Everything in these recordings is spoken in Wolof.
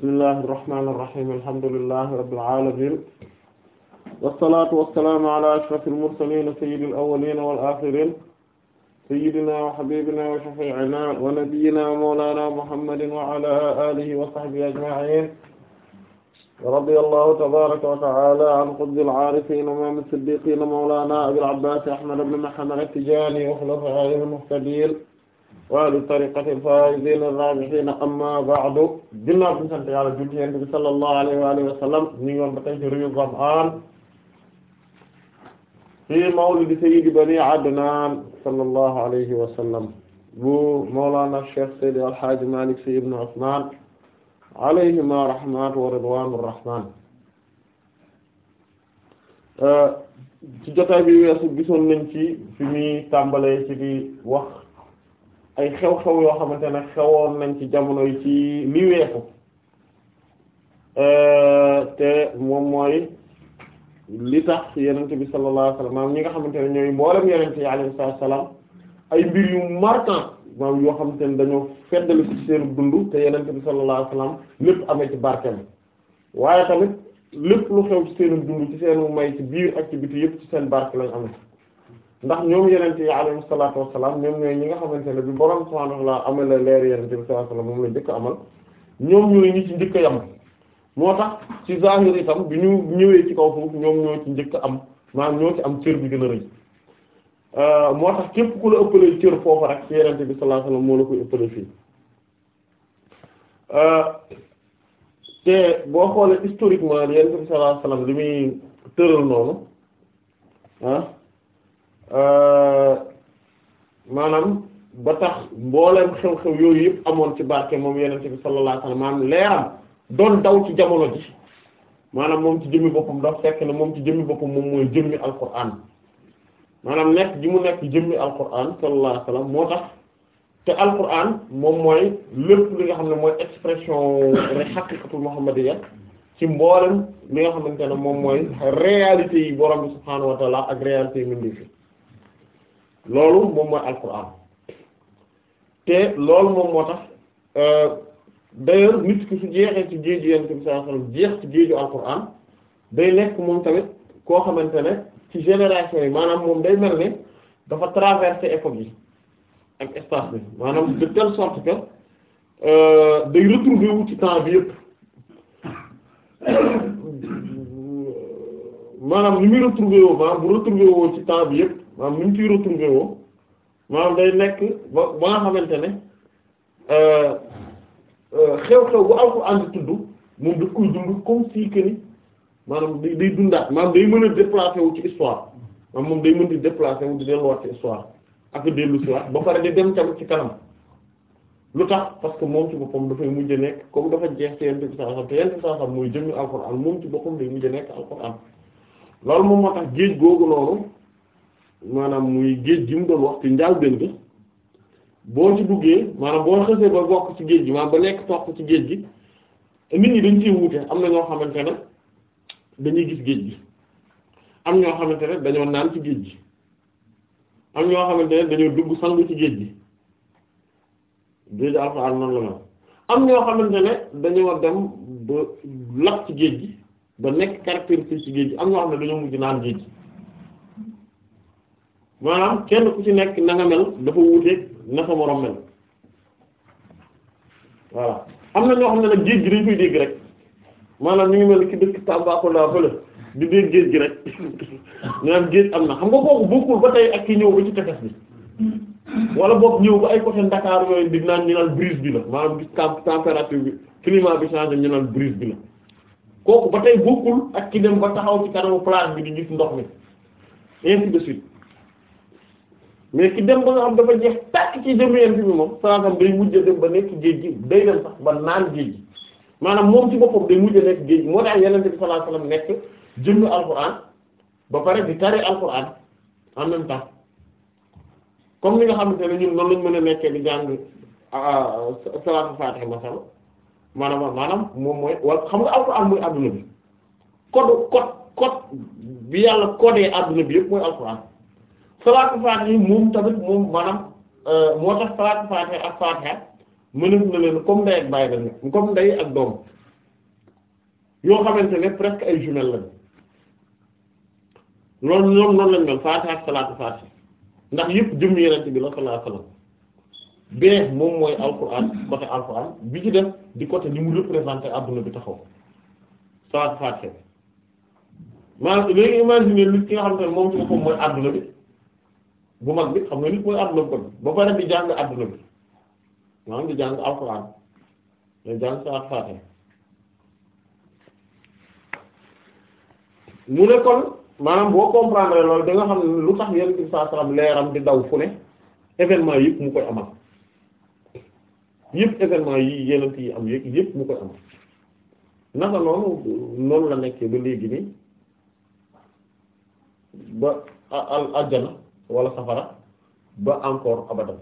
bismillahi irrahmani irrahim alhamdulillahi rabbil alamin wassalatu wassalamu ala ashrafil mursalin sayyidil awwalin wal akhirin sayyidina wa habibina wa shafi'ina wa nabiyyina mawlana muhammadin wa ala alihi wa sahbihi ajma'in radiyallahu tabaraka wa ta'ala an qutbil aarifin imaam as-siddiqin mawlana abil abbaas ahmad ibn muhammad at-tijaani wa khulafaa'ihi al-muhtadiin wa ahli tariqati al-faa'iziin ar-raabihiin amma ba'du ginnaaw bi ñu sant yàlla julli yonent bi sallallahu alayhi wa sallam ñu ngi woon ba tey ci fi mawlidi sayyidi bani Adnan sallallahu alayhi wa sallam Mawlana Cheikh Seydi Al Hadji Malick Sy ibn Usman alayhima rahmatu wa ridwanur rahman euh, bi weesu gisoon fi muy tàmbalee ci di wax ay xew-xew yoo xamante ne xewoon nañ ci jamono yi ci li weesu euh, te moom mooy li tax yenente bi sallallahu alayhi wasallam ñi nga xamante ne ñooy mboolem yenente yi alayhi salaam ay mbir yu marquant maanaam yoo xamante ne dañoo feddali ci seen dund te yenente bi sallallahu alayhi lépp amee ci barkeem waaye tamit lépp lu xew ci seen dund ci seen may ci biir activité yëpp ci seen barke lañ amee ndax ñoom yeneen yi alayhi salaatu wassalaam ñoom ñooy ñi nga xamante ne bi borom subhaanahu wa ta'aala la leer yeneen bi sallallahu alayhi moom la njëkk amal ñoom ñooy ñi ci njëkk a moo tax ci zahir itam bi ñu ñëwee ci kaw foofu ñoom ñoo ci njëkk am maanaam ñoo ci am cër bi gën a rëy euh, moo tax képp ku la ëppalee cër foofu rek ci yeneen bi sallallahu alayhi wasallam moo la koy ëppalee fii euh, te boo xoolee historiquement yeneen bi sallallahu alayhi wasallam li muy tëral noonu ah, Euh, maanaam ba tax mboolem xew-xew yooyu yëpp amoon ci barke moom yenente bi sallallahu alayhi wa sallam maanaam leeram doon daw ci jamono ji maanaam moom ci jëmmi boppam daf fekk ne moom ci jëmmi boppam moom mooy jëmmi alquran maanaam nekk ji mu nekk jëmmi alquran sallallahu alayhi wa sallam moo tax te alquran moom mooy lépp li nga xam ne mooy expression rek haqiqatul muhammadiyya ci mboolem li nga xamante ne moom mooy réalité yi borom bi subhaanahu loolu moom mooy alquran te loolu moom moo tax euh, d'ailleurs nit ki su jeexee ci géeju yonent bi sallallahu alayhi wasallam jeex ci géeju alquran day nekk moom tamit koo xamante ne ci génération yi maanaam moom day mel ne dafa traverser époque yi ak espace bi maanaam de telle sorte que euh, day retrouver wu ci temps bi yëpp maanaam ni muy retrouver woo maanaam bu retrouver woo ci temps bi yëpp maanaam ni mu ciy retrouvé woo maanaam day nekk ba ba nga xamante ne euh, euh, xew-xew bu Alxuraan di tudd moom daf koy dund comme si que ni maanaam day day dundaat maanaam day mën a déplacer wu ci histoire maanaam moom day mën di déplacer di delluwaat ci histoire ak dellu si waat ba pare di dem tamit ci kanam lu tax parce que moom ci boppam dafay mujj nekk comme dafa jeex ci yent bi sallallahu te yent bi sallallahu alayhi wasallam mooy jëmmi Alxuraan moom ci boppam day mujj nekk Alxuraan loolu moom moo tax géej googu noonu. maanaam muy géej gi mu doon wax ci njàlbéen gi boo ci duggee maanaam boo xësee ba bokk ci géej gi maanaam ba nekk toq ci géej gi nit ñi dañ ciy wuute am na ñoo xamante ne dañuy gis géej gi am ñoo xamante ne dañoo naan ci géej gi am ñoo xamante ne dañoo dugg sangu ci géej gi géej alxuraan noonu la mel am ñoo xamante ne dañoo dem ba lap ci géej gi ba nekk caractéristique ci géej gi am ñoo xam ne dañoo mujj naan géej gi maanaam kenn ku ci nekk na nga mel dafa wuute na sa moroom mel voilà am na ñoo xam ne nag géej gi dañ koy dégg rek maanaam ñu ngi mel ni ki dëkk Tambacounda fële di dégg géej gi rek maanaam géej am na xam nga kooku bokkul ba tey ak ki ñëw ba ci tefes bi wala boog ñëw ba ay côté Dakar yooyu di naan ñu naan brise bi la maanaam gis température bi climat bi changé ñu naan brise bi la kooku ba tey bokkul ak ki dem ba taxaw ci kanamu plage bi di gis ndox mi mais ki dem ba nga xam dafa jeex tàkk ci jëm yent bi moom salaatam day mujj a dem ba nekk géej gi day dem sax ba naan géej gi maanaam moom ci boppam day mujj a nekk géej gi moo tax yenente bi sallallahu alayhi wasallam nekk jëmm alquran ba pare di tari alquran en comme ni nga xamante ne ñun noonu lañ mën a nekkee di jàng ah, ah, salaatul fatiha masala maanaam maanaam moom mooy wala xam nga alquran mooy adduna bi code code code bi yàlla codé adduna bi yëpp mooy alquran salaatu faatiha moom tamit moom maanaam euh, moo tax salaatu faatiha ak faatiha mënef na leen comme ndey ak bàyyi lañu comme ndey ak doom yoo xamante ne presque ay jumelles lañu loolu ñoom noonu lañ mel faatiha salaatu faatiha ndax yëpp jëm yeneen bi la sallallahu alayhi wasallam bee bi ci di côté li bi taxaw léegi imaginer nit ki nga xam ne moom ci boppam mooy adduna bi bu mag bi xam nga nit mooy àdduna bu bëgg ba pare di jàng àdduna bi maanaam di jàng alxuraan di mu ne kon maanaam boo comprendre loolu da nga xam ne lu tax yenn ci saa salaam leeram di daw fu ne événement yëpp mu koy amal yëpp yi yeneen yi am yëpp yëpp mu koy amal naka noonu noonu la nekkee ba léegi nii ba al aljana wala safara ba encore abadan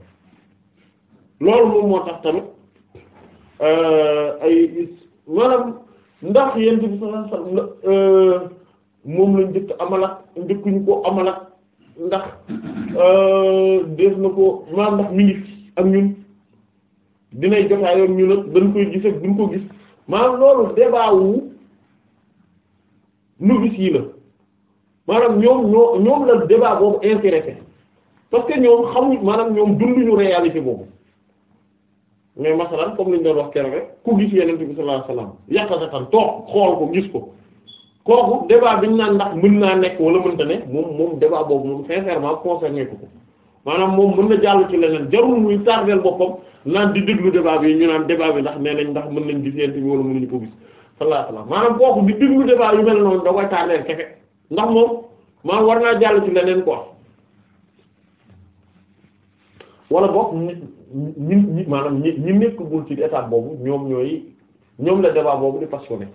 loolu moom moo tax tamit euh, maanaam ndax yéen bi sallallahu alayhi wasallam euh, moom lañ njëkk amalaat njëkkuñu ko amalaat ndax euh, def na ko maanaam ndax mi ngi ak ñun dinay jotaay ak ñun dañ koy gis duñ ko gis maanaam loolu débat wu novice yi la. maanaam ñoom ñoo ñoom la débat boobu intéressé parce que ñoom xamuñ maanaam ñoom dunduñu réalité boobu mais masalan comme li ñu doon wax keroog rek ku gis yeneen bi sallallahu alayhi gis ko kooku débat bi ñu naan ndax mën naa nekk wala mënta ne moom moom débat boobu moom sincèrement concerné ko ko moom mën na jàll ci leneen jarul muy tardeel boppam naan di déglu débat bi ñu naan débat bi ndax nañ ndax mën nañ gis yeneen bi wala mënuñu ko mel noonu da koy tardeel kefe ndax moom maa war naa jàll ci leneen quoi wala boog ñi ñi maanaam ñi ñi bul ci étape boobu ñoom ñooy ñoom la débat boobu di passionné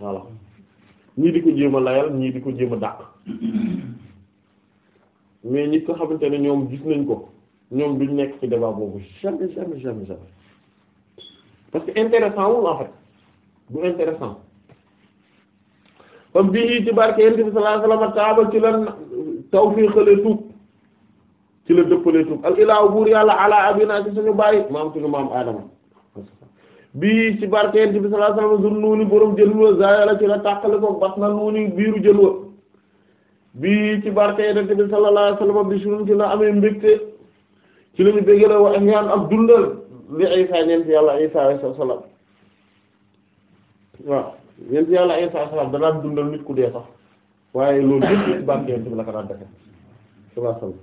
voilà ñii di ko jéem a layal ñii di ko jéem a dàq mais ñi ko xamante ne ñoom gis nañ ko ñoom duñ nekk ci débat boobu jamais jamais jamais jamais parce que intéressant wul en fait du intéressant fa bii ci barke yonent bi sallallahu taaba ci lan tawfiixale tuub ci la dëppale tuub al ilaahu buur yàlla ala abina ci suñu bàyyi maam suñu maam Adama bii ci barke yonent bi sallallahu alayhi wasallam zunnuni borom jël wa ci la tàqale ko bat na nuuni biiru jël wa bii ci barke yonent bi sallallahu alayhi ci la amee mbégte ci la ñu béggale wa ihyan ak dundal li Isaa ñeent yàlla Isaa alayhi salaam waaw yéen yàlla ay saa salaam danaan dundal nit ku dee sax waaye loolu yëpp ci barke yonent bi la ko daan defe sallallahu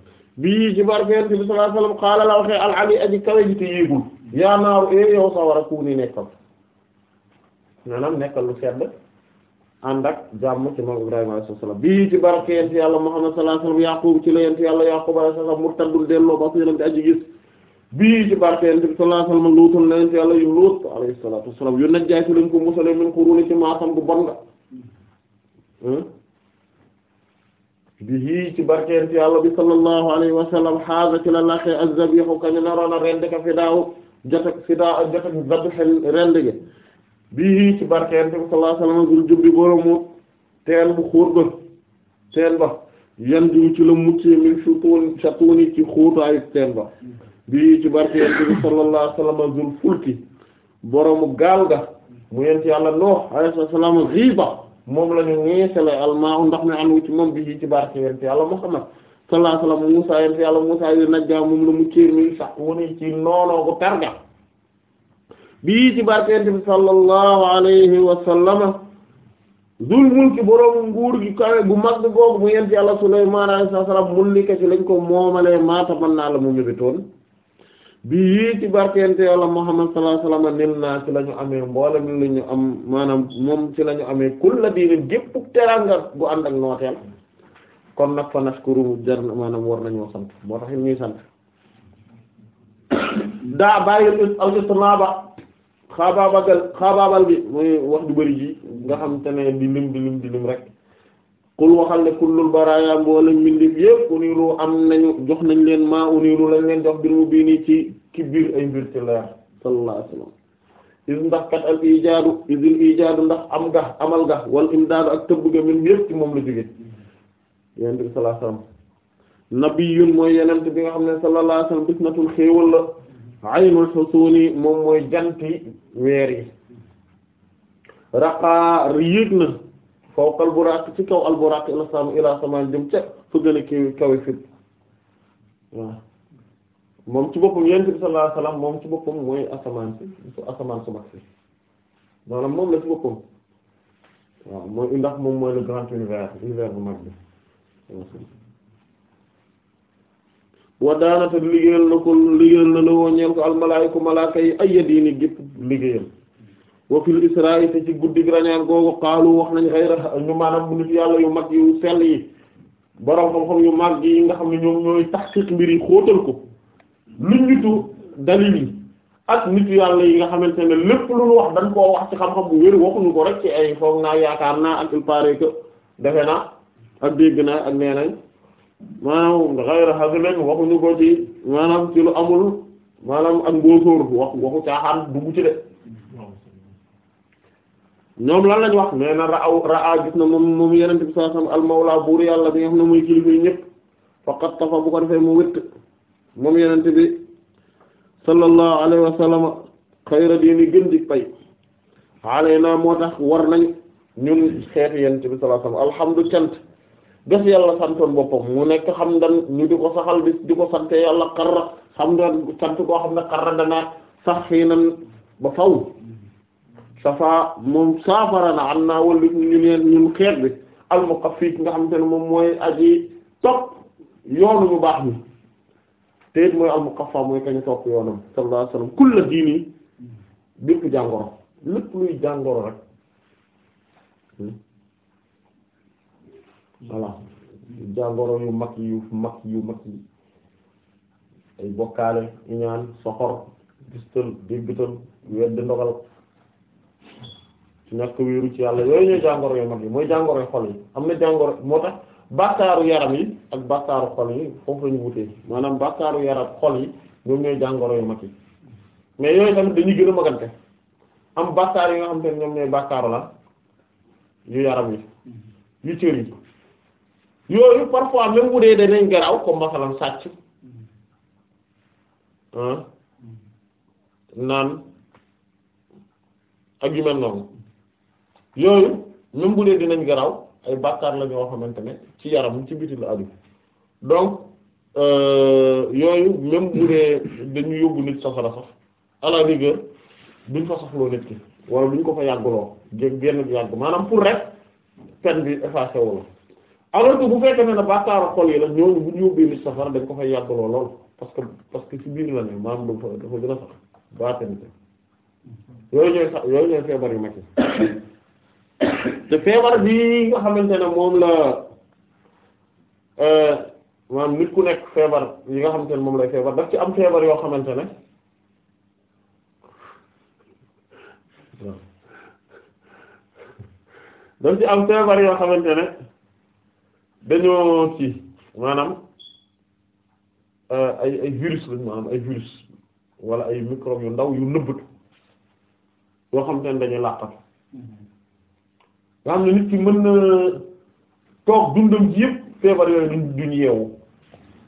ci barke yonent bi sallallahu alayhi wasallam xaala la waxee al ali aji kawe ji te yéegul yaa naaru e yow sawara kuuni nekkal maanaam nekkal lu sedd ànd ak jàmm ci moom Ibrahima alayhi salaam bii ci barke yonent yàlla Muhammad sallallahu alayhi wasallam Yaqub ci la yonent yàlla Yaqub alayhi salaam murtadul delloo ba su aji gis bii ci barke yonent bi sallallahu alayhi wasallam luutoon na leen ci yàlla yu luut alayhi salaatu wassalaam yu najjaay si lañ ko musalee min quruni ci maasam gu bon nga hmm? bii ci barke yonent yàlla bi sallallahu alayhi wasallam xaaga ci la laqee az-zabihu kañu naroon a rend ka fi daaw jota fi daaw jota zabbi xel rend gi bii ci barke yonent bi sallallahu alayhi wasallam dul jubbi boromu teen bu xóor ba teen ba yan jiw ci la muccee min sutun satuni ci xóotaayu teen ba bi ci barke yonent bi sallallahu alayhi zul fulki boroomu gaal ga mu yonent yàlla Nuh alayhi salaam ghiba moom la ñu ñeesale almaa ndox mi anu ci moom bi ci barke yonent yàlla Muhammad sallallahu alayhi wasallam Musaa yàlla Musaa yu najja moom la mu céer sax woni ci noonoo ko targa bi ci barke yonent bi sallallahu alayhi wasallam zul mulki boroomu nguur gi kawe gu mag googu mu yonent yàlla Sulaymaan alayhi salaam mulli ka ci lañ ko moomalee maata mën naa la mu mébétoon bii yii ci barkeente yàlla Muhammad sallallahu alayhi wasallam nim naa ci la ñu amee mboolem lu ñu am maanaam moom ci la amee amee kulla diinin gépp teranga gu ànd ak nooteel kon nag fa nashkuru jar maanaam war nañoo sant moo tax ñuy sant daa bàyyil al istinaba xaabaabal xaabaabal bi muy wax du bari ji nga xam te ne di lim di lim rek qul waxal ne kullul baraaya mboolem mbindeef yépp uniru am nañu jox nañ leen maa uniru lañ leen jox bir mu bii nii ci ki biir ay mbir ci leer sallallahu alayhi is ndax kat al ijaadu isil ijaadu ndax am nga amal nga wal imdaadu ak tëbb ga min yépp ci moom la jóge yonent bi sallallahu alayhi wasallam nabiyyun mooy yonent bi nga xam ne sallallahu alayhi wasallam bisnatul xéewal la aynul xusuuni moom mooy janti weer yi raqaa yéeg na fawqa al-buraaq ci kaw al-buraaq ila sama ila ca fa gën a kawe kawe fépp moom ci boppam yonent bi boppam mooy asamaan si su asamaan su mag si maanaam moom la ci boppam waaw mooy ndax moom mooy le grand univers univers bu mag bi wa daanaka liggéeyal na ko liggéeyal na la woo ñeel ko almalaayku malaaka yi ay yadiini liggéeyal wa fil isra'i te ci guddig rañaan googu xaalu wax nañ xayra ñu maanaam nit yàlla yu mag yu sell yi borom xam-xam yu mag yi nga xam ne ñoom ñooy taxqiq mbir yi xóotal ko luñ nitu dalil yi ak nit yàlla yi nga xamante ne lépp lu ñu wax dañ koo wax ci xam-xam bu wér waxuñu ko rek ci ay foog naa yaakaar naa ak il paraît que defe naa ak dégg naa ak nee nañ maanaam xayra waxuñu ko ci maanaam ci lu amul maanaam ak ngóosóor wax waxu caaxaan dugg ci ñoom lan lañ wax nee na raaw raa gis na moom moom yenente bi sallallahu alayhi wasallam al-mawla buur yàlla bi nga xam ne mooy kilifa yi ñëpp faqat tafa bu ko defee mu wëtt moom yenente bi sallallahu alayhi wasallam xayra diini gën di pay xaale naa moo tax war nañ ñun xeex yenente bi sallallahu alayhi wasallam alhamdu cant def yàlla santoon boppam mu nekk xam dan ñu di ko saxal di di ko sante yàlla xarra xam dan sant koo xam ne xarra danaa sax xii ba faw safa moom saafara na am naa wala ñu neen ñun xeet bi al-muqaffi nga xamante ne moom mooy aji topp yoonu bu baax mi te it mooy al-muqaffa mooy kañu topp yoonam sallallahu alayhi wasallam kulla diini bépp jàngoro lépp luy jàngoro rek jàngoro yu mag yu mag yu mag yi ay bokkaale iñaan soxor gistal déggital wedd ndogal ci ñàkk wéeru ci yàlla yooyu ñooy jàngoro yu mag yi mooy jàngoro xol yi am na jàngoro moo tax bàkkaaru yaram yi ak bàkkaaru xol yi foofu lañu wutee maanaam bàkkaaru yaram xol yi ñoom ñooy jàngoro yu mag yi mais yooyu tamit dañuy yi xam te bàkkaaru la yu yaram yi yu cër yi yooyu parfois même bu dee danañ garaaw comme masalan sàcc naan ak yu mel noonu yooyu même bu dee dinañ garaw ay bàkkaar la ñoo xamante ne ci yaram ci biti la aju donc euh, yooyu même bu dee dañu yóbbu nit safara sax à la rigueur duñ fa saxloo nit ki wala duñ ko fa yàgguloo jég génn bi yàgg maanaam pour rek peine bi effacé wu la alors bu fekkee ne na bàkkaaru xol yi la ñooñu bu ñu yóbbee nit safara dañ ko fa yàgguloo lool parce que parce que ci biir la ne maanaam dafa dafa gën a sax baatanite yooyu ñooy feebar yu mag yi te feebar bi nga xamante ne moom la euh, maanaam nit ku nekk feebar yi nga xamante ne moom lay feebar daf ci am feebar yoo xamante ne ci am feebar yoo xamante ne dañoo ci maanaam euh, ay ay virus lañ maanaam ay virus wala ay microbes yu ndaw yu nëbbatu yoo xamante ne dañuy làqatu mm-hmm. nga xam ne nit ki mën na toog dundam ci yëpp feebar yooyu duñ duñ yeewu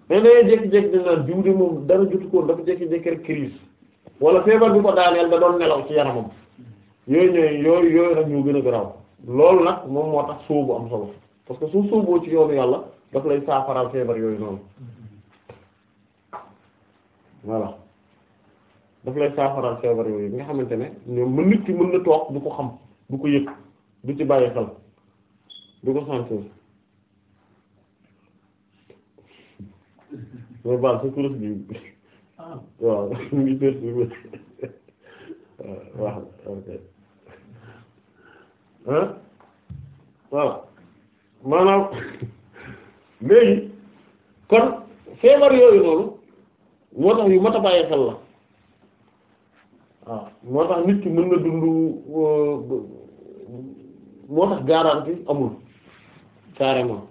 mais dañoo jékki-jékki dañ naan diw moom dara jotu dafa jékki-jékki rek crise wala feebar bi ko daaneel da doon nelaw ci yaramam yooyu ñooy yooyu yooyu nag ñoo gën a garaaw loolu nag moom moo tax sóobu am solo parce que su sóoboo ci yoonu yàlla daf lay saafaraal feebar yooyu noonu voilà daf lay saafaraal feebar yooyu nga xamante ne ñoom mën nit ki mën na toog du ko xam du du ci bàyyi xel du ko sentir loolu baal sa kuréel bi waaw mu waaw ok ah voilà maanaam léegi kon feebar yooyu noonu moo yu mat a bàyyi xel la waaw moo tax nit ki mën moo tax garantie amul carrément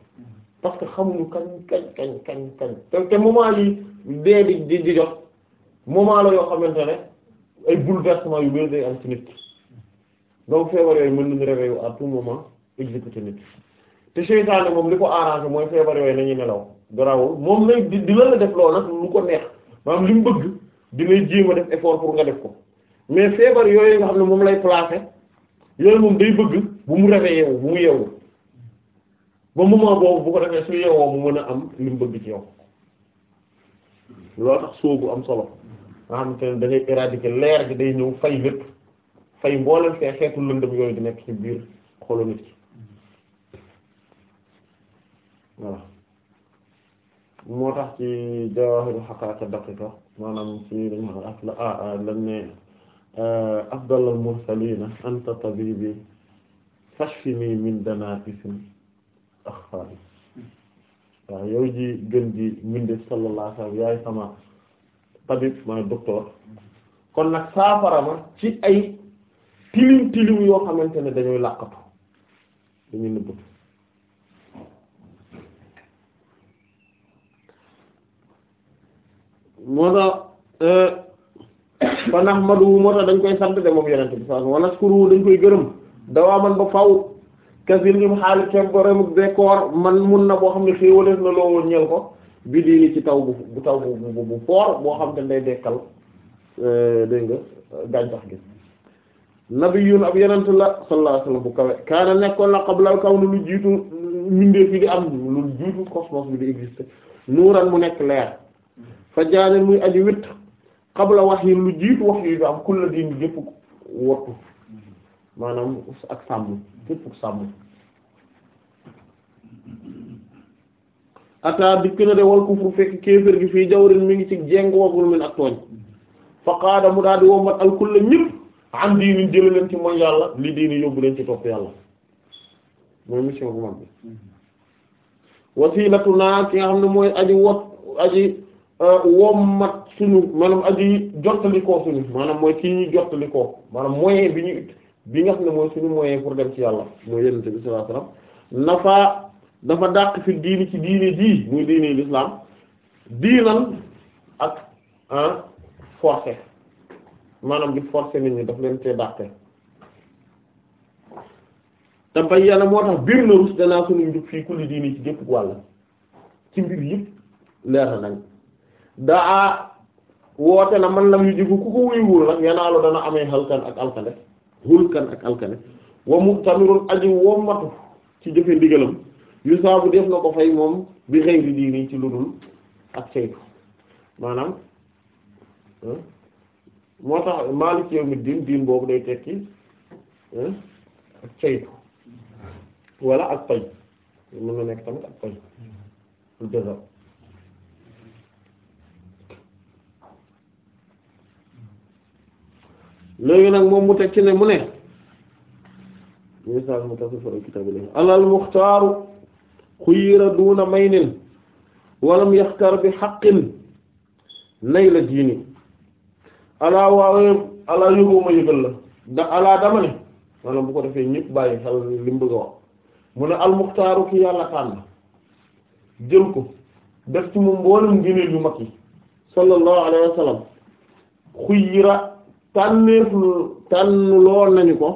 parce que xamuñu kañ kañ kañ kañ kañ te te moment yi dee di di di jot moment la yoo xamante ne ay bouleversement yu bëri day am ci nit donc feebar yooyu mën nañu réveiller à tout moment exécuter nit te seytaane moom li ko arrangé mooy feebar yooyu nañu nelaw garawul moom lay di di la def loolu nag lu ko neex maanaam li mu bëgg di lay jéem a def effort pour nga def ko mais feebar yooyu nga xam ne moom lay placer yooyu moom day bëgg bu mu rafet yeewu bu mu yeewu ba moment boobu bu ko defee su yeewoo mu mën a am li mu bëgg ci yow loolu tax soobu am solo nga xam te ne da ngay éradiquer leer gi day ñëw fay lépp fay mboolem fee xeetu lëndëm yooyu di nekk ci biir xolu nit ki voilà moo tax ci Jawaahirul Haqaa'iq Daqiiqa maanaam ci lañ wax la ah lañ ne. afdalal mursaliina anta tabiibi fashfini min danaa'isin axfaari waaw yow ji gën ji mbindéef sallallahu alayhi wa yaay sama tabib maay docteur kon nag saafara ma ci ay tilim tilim yoo xamante ne dañuy làqatu dañuy nëbbatu moo tax euh, fa nahmaduhu moo tax dañ koy sant de moom yenent bi sallallahu alayhi wa nashkuruhu dañ koy gërëm dawaa man ba faw kasir lim xaalis temporem décor man mun na boo xam ne xéewalees na loo woon ñeel ko bi diini ci taw bu taw bu bu foor boo xam te day dekkal euh, dégg nga gàncax gi nabiyun ab yonent la sallallahu alayhi bu kawe kaana nekkoon la qablal kaw lu jiitu mbindeef yi di am lu jiitu cosmos bi di exister nuuran mu nekk leer fa jaaneen muy aji witt qabla wahyi lu jiitu wax yi bi am kulla diin bi yëpp maanaam ak sàmm yëpp sàmm ataa dikk de wal kufru fekk kéefër gi fii jawrin mi ngi ci jeng wagul min ak tooñ fa mu daal wombat al kulla ñëpp an diinin jële leen ci mooy yàlla li diini yóbbu leen ci topp yàlla mooy mission bu bi mm-hmm. wasilatu naa ki nga xam ne mooy aji wat aji Euh, wommat suñu maanaam aji jottalikoo suñu maanaam mooy kii ñuy jottalikoo maanaam moyen bi ñu bi nga xam ne mooy suñu moyen pour dem ci yàlla mooy yenente bi sallallahu alayhi wasallam nafa dafa dàq fi diini ci diini ji muy diini l'islam diinan ak ah forcé maanaam di forcé nit ñi daf leen tee dàqe te yàlla moo tax biir na rus danaa suñu njub fii kulli diini ci jëpp wàll ci mbir yëpp leer nañ daa woote na man lam yu jigu ku ko wuyuwul nag yanaalu dana amee halkan ak alkane hulkan ak alkane wa mu'tamirun aji wommatu ci jëfe ndigalam yu saabu def na ko fay moom bi xëyri diini ci ludul ak saytu maanaam moo tax maalik yawmi diin diin boobu day tekki ak saytu wala ak pay mën na nekk tamit ak pay léegi nag moom mu teg ci ne mu ne misal mutasaffa kitabil alal muxtaaru xuyira duuna maynin walam yaxtar bi xaqin nay la diini alaa waawe alaa yóbuma yëgal la da alaa dama ne maanaam bu ko defee ñëpp bàyyi xel li bëgg a wax mu ne almuxtaaru ki yàlla tànn jël ko def ci moom mboolem ngëneel yu mag yi sallallahu alayhi wa xuyira tànneef tànn lool nañu ko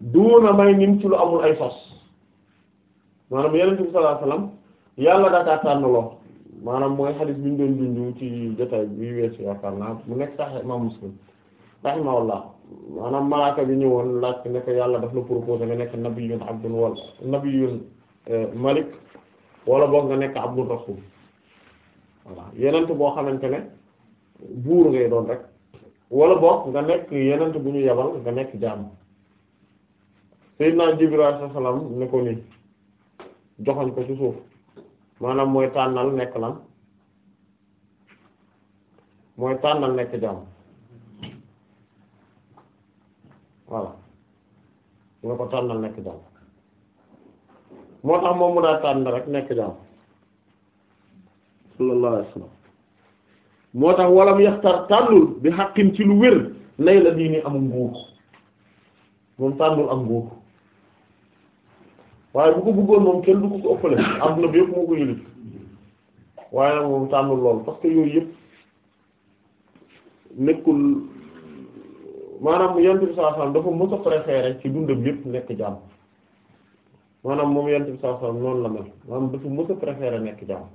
duuna may nim ci lu amul ay sos maanaam yeneen bi sallallahu alayhi wasallam tànn lool maanaam mooy xadiis bi ñu doon dundu ci jotaay bi weesu yaakaar naa mu nekk sax imam Muslim rahimahullah maanaam malaaka bi ñëwoon laaj ne ko yàlla daf la proposé nga nekk nabiyun abdun wala nabiyun euh, malik wala boo nga nekk abdun rasul voilà yenent boo xamante ne buur ngay doon rek wala bokk nga nekk yenent bu ñu yabal nga nekk jaam Seydina Jibril alayhi salaam ne ko nii joxoñ ko ci suuf maanaam mooy tànnal nekk lan mooy tànnal nekk jaam voilà nga ko tànnal nekk jaam moo tax moom mu daa tànn rek nekk jaam moo tax walam yaxtar tànnul bi xaqin ci lu wér nay la diini am nguur moom tànnul am nguur waaye bu ko bëggoon moom kenn du ko ko ëppale am na bi yëpp moo ko yëlif waaye moom tànnul lool parce que yooyu yëpp nekkul maanaam yonent bi sallallahu alayhi wasallam dafa mës a préféré ci dundam yëpp nekk jàmm maanaam moom yonent bi sallallahu alayhi wasallam la mel maanaam dafa mës a préféré nekk jaam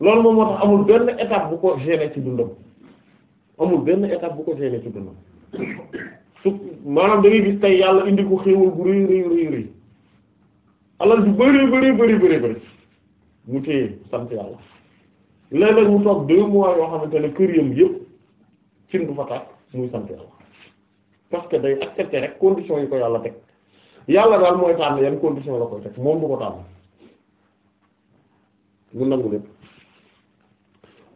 loolu moom moo tax amul benn étape bu ko gêner ci dundam amul benn étape bu ko gêner ci dundam su maanaam da ngay gis tey yàlla indi ko xéewal bu rëy rëy rëy rëy alal du bëri bëri bëri mu téye sant yàlla léeg mu toog deux mois yoo xamante ne kër yam yëpp ci du fa tàkk muy sant yàlla parce que day accepter rek conditions yi ko yàlla teg yàlla daal mooy tànn yan condition la koy teg moom du ko tànn mu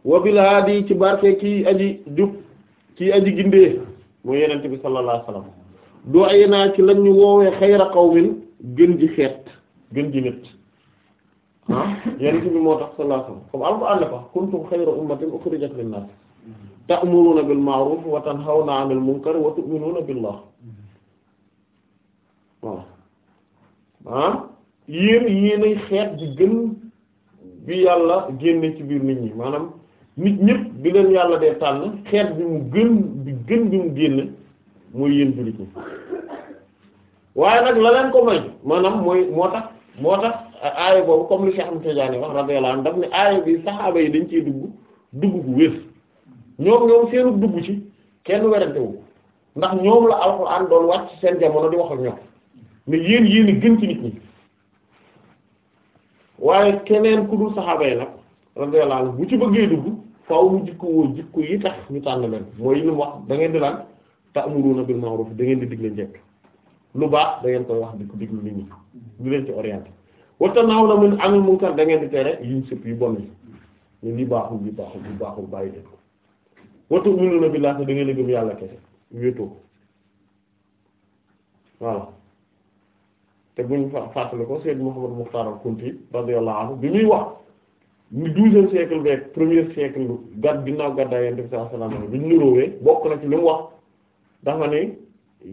wa bil haadi ci barke kii aji jub kii aji gindee mooy yenente bi sallallahu alayhi wasallam ay naa ci lañ ñu woowee xayra qawmin gën ji xeet gën ji nit ah yenente bi moo tax sallallahu alayhi wasallam comme alquran dafa kuntum xayra ummatin ukhrijat lin-nas ta'muruna bil ma'ruf wa tanhawna 'anil munkar wa tu'minuna billah waaw ah yéen yéenay xeet bi gën bi yàlla génne ci biir nit ñi maanaam nit ñëpp bi leen yàlla dee tànn xeet bi mu gën bi gën bi mu génne mooy yéen jullit ñi waaye nag la leen ko may maanaam mooy moo tax moo tax aaya boobu comme li Cheikh Ahmed Tidiane wax radiyallahu anhu daf ne aaya bi saxaaba yi dañ cee dugg dugg bu wér dugg ci kenn werante wu ndax ñoom la alxuraan doon wàcc seen jamono di wax ak ñoom ne yéen yéen gën ci nit ñi waaye keneen ku dul saxaaba yi nag radiyallahu bu ci bëggee dugg faaw mu jikko woo yi tax ñu tànn leen mooy lu mu wax da ngeen di lan ta'muruna bil ma'ruf da ngeen di digle njekk lu baax da ngeen koy wax di ko diglu nit ñi di leen ci orienté wa tanawna min 'anil munkar da ngeen di tere yuñ sëpp yu bon yi li baaxul li baaxul li baaxul bàyyi leen ko wa tu'minuna billahi da ngeen di gëm yàlla kese wéetoo ko voilà te buñ fàttali ko Seydou Mouhamadou Moukhtar al-Kunti radiyallahu anhu bi muy wax ñu douzième siècle beeg premier siècle gàtt ginnaaw gàddaay yonent bi sallallahu alayhi bi ñu niroowee bokk na ci li mu wax dafa ne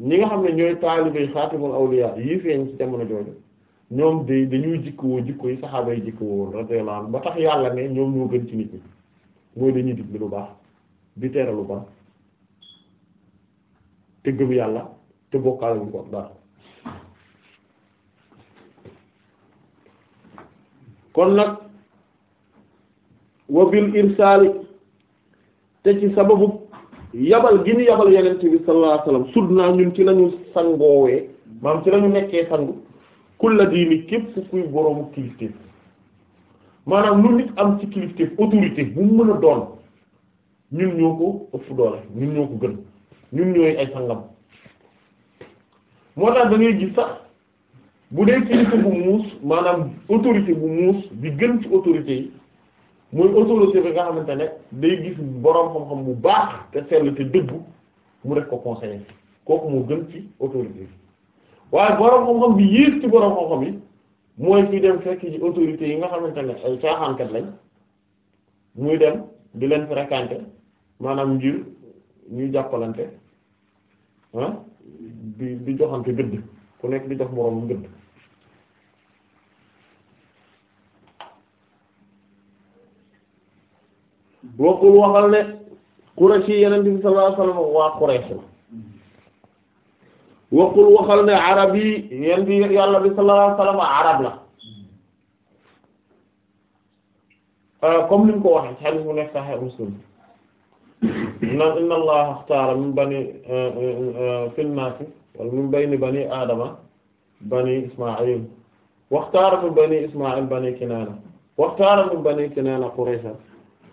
ñi nga xam ne ñooy taalibey xaatimul awliya yi feeñ ci jamono jooju ñoom day dañuy jikkoo jikko yi saxaaba yi jikkoo woon radiyallahu anhu ba tax yàlla ne ñoom ñoo gën ci nit ñi mooy dañuy digli lu baax di teralu lu te gëm yàlla te bokkaale bu ko dara kon nag wa bil irsaali te ci sababu yabal gi ñu yabal yenente bi sallallahu alayhi wasallam naa ñun ci lañu sangoowee maam ci lañu nekkee sangu kulla diini képp kuy boroomu kilifteef maanaam lu nit am ci kilifteef autorité bu muus maanaam autorité bu muus bi gën ci autorité yi mooy autorité bi nga xamante ne day gis boroom xam-xam bu baax te sell te dëggu mu def ko conseil kooku moo gën ci autorité bi waaye boroom xam-xam bi yées ci boroom xam-xam yi mooy fi dem fekk ci autorité yi nga xamante ne ay caaxaankat lañ muy dem di leen fréquenter maanaam ngir ñuy jàppalante ah di di joxante gëdd ku nekk di jox moroomam gëdd bokkul waxal ne Qurayshi yeneen bi sallallahu alayhi wasallam waa Quraysh la waxul waxal ne arab yi yeneen bi yàlla bi sallallahu alayhi wasallam arab la euh, comme li ñu ko waxee ci hadith bu nekk Sahih Muslim naan inna allaha ikhtara min bani euh, euh, fil naasi wala min bayni bani aadama bani ismail waxtaara min bani ismail bani kinaana waxtaara min bani kinaana Quraysh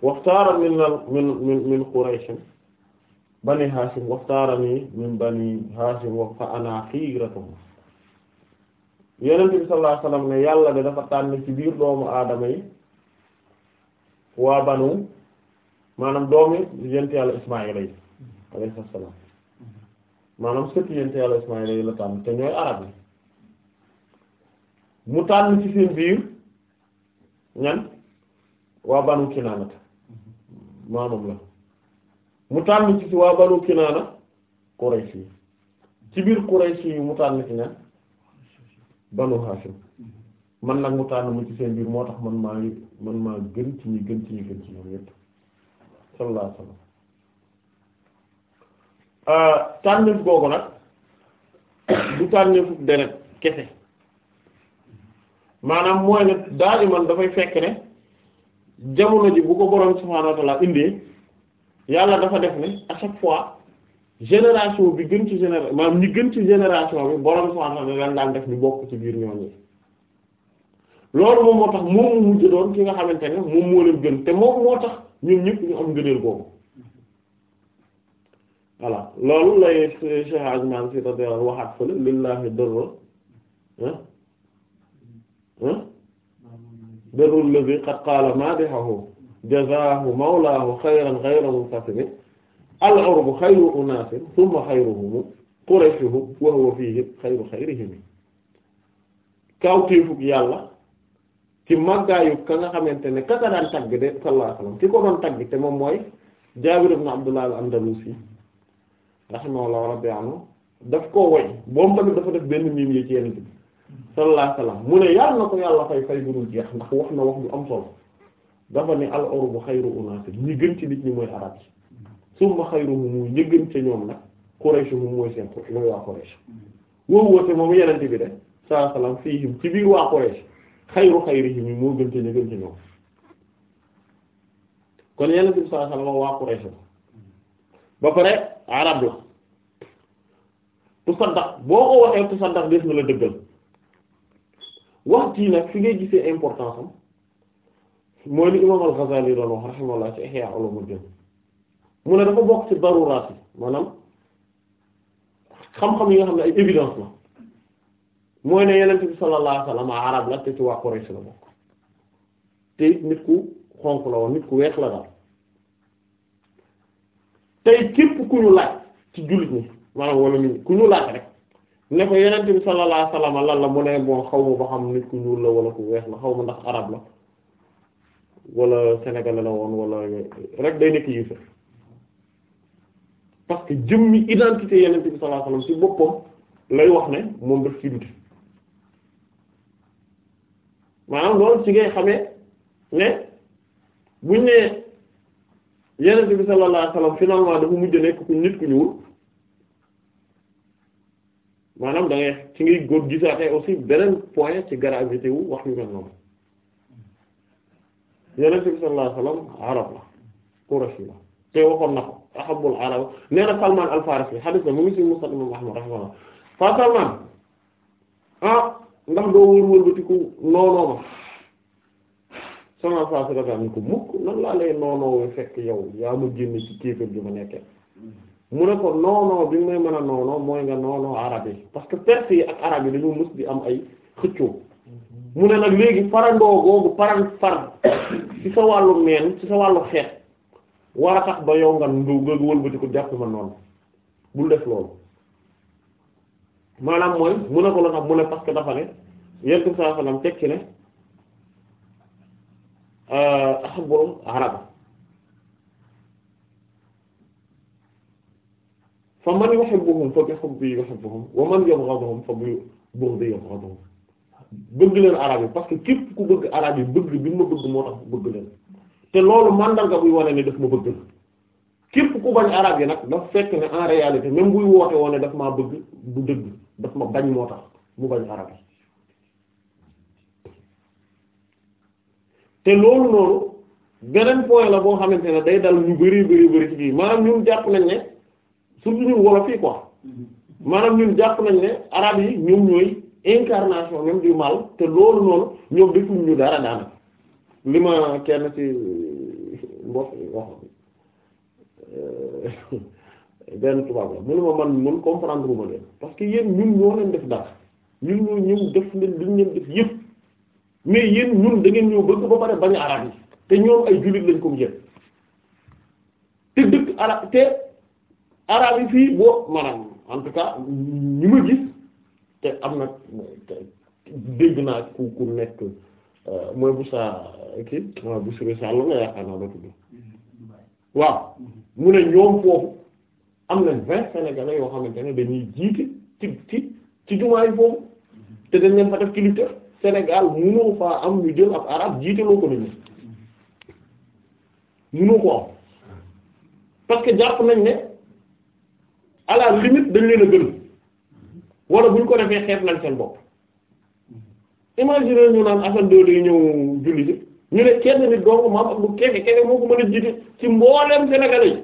waxtaara min lan min min min Quraysh bani Hashim waxtaarani min bani Hashim wa fa ana xiiratuhum Yonent bi sallallahu alayhi ne yàlla de dafa tànn ci biir doomu aadama yi waa banu maanaam doomi yonent yàlla Ismaayila yi alayhi salaam maanaam sëti yonent yàlla Ismaayila yi la tànn te ñooy arab yi mu tànn ci seen biir ñan waa banu Kinaanata maamam la mu tànn ci ci waa Banu Kinaana Quraysh yi ci biir Quraysh yi mu tànn ci ñan Banu Hashim man nag mu tànn mu ci seen biir moo tax man maa man maa gën ci ñi gën ci ñi gën ci ñoom yépp sallallahu alayhi wasallam ah, tànneef nag du tànneefu deret kese maanaam mooy ne daal man dafay fekk ne jamono ji bu ko borom subhaanahu wa ta'aala indee yàlla dafa def ne à chaque fois génération bi gën ci génération maanaam ñi gën ci génération bi borom subhaanahu wa ta'aala daan def ñu bokk ci biir ñooñu loolu moom moo tax moom mu mujj doon ki nga xamante ne moom moo leen gën te moom moo tax ñoom ñëpp ñu am gëneel boobu voilà loolu lay Cheikh Ajman si radiyallahu waxaat fële lillahi darru ah ah darul lazi qad qaala maadihahu jazaahu mawlaahu xayran xayra munqasimi al-urbu xayru unaasin summa xayruhum qurayshuhum wa huwa fiihim xayru xayrihim kawteefug yàlla ci màggaayu ka nga xamante ne ka ka daan tagg de sallallahu ki ko doon tagg te moom mooy Jaabir ibn Abdullah al-Andalusi rahimahullahu rabbi anhu daf koo woy boom tamit dafa def benn miim yi ci yenn bi sallallahu alayhi wasallam mu ne yàlla na ko yàlla fay fay bu dul jeex ndax wax na wax lu am solo dafa ne al arabu xayru unaas ñi gën ci nit ñi mooy arab yi summa xayruhum ñi gën ci ñoom nag Quraysh moom bi de sallallahu ci biir waa Quraysh xayru xayrihim moo gën ci ñi gën ci ñoom kon yenente bi sallallahu alayhi wasallam waa Quraysh ba pare arab la tusaddax boo ko waxee tusaddax def na la dëggal wax jii nag fi ngay gisee important am mooy li imam al-Ghazali doon wax rahimahullah ci Ihya ulumuddin mu ne dafa bokk ci daruraat yi maanaam xam-xam yi xam ne ay évidence la mooy ne yeneen bi sallallahu alayhi wasallam arab la te ci waa Quraysh la bokk te nit ku xonq la woon nit ku weex la daal tey képp ku ñu laaj ci jullit ñi maanaam wala nit ku ñu laaj rek ne ko yonent bi sallallahu alayhi wasallam lan la mu ne bon xaw ma ba xam nit ku ñuul la wala ku weex la xaw ma ndax arab la wala sénégalais la woon wala rek day nekk yéefar parce que jëmmi identité yonent bi sallallahu alayhi wasallam ci boppam lay wax ne moom daf ci dute maanaam loolu ci ngay xamee ne buñ ne yonent bi sallallahu alayhi wasallam dafa mujj nekk ku nit ku ñuul. maanaam da ngay ci ngay góor gisaatee aussi beneen point ci gravité wu wax yu mel noonu yonent bi sallallahu alayhi arab la qurashi la te waxoon na ko ahabul arab nee na Salman al-Farisi mu ngi ci Musnad Imam Ahmad rahimahullah fa Salman ah ndax doo wër-wër ba tiku noonoo ma Salman al-Farisi dafa am ko mukk nan laa lay noonoo fekk yow yaa ma génne ci kéefër gi nekkee mu ne ko noonoo bi may mën a noonoo mooy nga noonoo arab yi parce que perse yi ak arab yi dañoo mës di am ay xëccoo mu ne nag léegi farandoo googu faran ci sa wàllu meen ci sa wàllu xeet war a tax ba yow nga ndóog wëlbati ko jàpp ma noonu bul def loolu maanaam mooy mu ne ko la tax mu ne parce dafa ne yentu saa sallam tekki ne euh, ahabul araba fa man yuhibbuhum fa bi hubbi yuhibbuhum wa man yabghaduhum fa bëgg leen arab yi parce que képp ku bëgg arab yi bëgg bi ma bëgg moo tax bëgg leen te loolu mandarga buy wane ne daf ma bëgg képp ku bañ arab yi nag dafa fekk ne en réalité même buy woote woon ne daf maa bëgg bu dëgg daf ma bañ moo tax mu bañ arab yi te loolu noonu beneen point la boo xamante ne day dal ñu bari bari bari ci bii maanaam ñun jàpp nañ ne surtout ñun wolof yi ko maanaam ñun jàpp nañ ne arab yi ñoom ñooy incarnation même du mal te loolu noonu ñoom defuñ ñu dara daanaka li ma kenn ci mbokk wax euh, benn tubaab la mënu ma man mën comprendre ma leen parce que yéen ñun ñoo leen def dara ñun ñoo ñëw def leen duñ leen def yëpp mais yéen ñun da ngeen ñëw ko ba pare bañ arab yi te ñoom ay jullit lañ ko jël te dëkk arab te arab yi fii boo maanaam en tout cas ñu ma gis te am na dégg naa ku ku nekk euh, mooy bu sa kii mooy bu sure sàll nga yaakaar naa la tudd waaw mm-hmm. mu ne ñoom foofu am na vingt sénégalais yoo xamante ne dañuy jiite ci ci ci foofu mm-hmm. te dañ leen fa def kilifteef Sénégal mënoo faa am ñu jël ab arab jiite loo ko nit ñi mënoo mm-hmm. ko am parce que jàpp nañ ne à la dañ leen a gën wala buñ ko defee xeeb nañ seen bopp imaginer ñu naan Assane Dóor ñëw julli si ñu ne kenn nit doomu maam ak lu keke a jiite ci mbooleem Sénégalais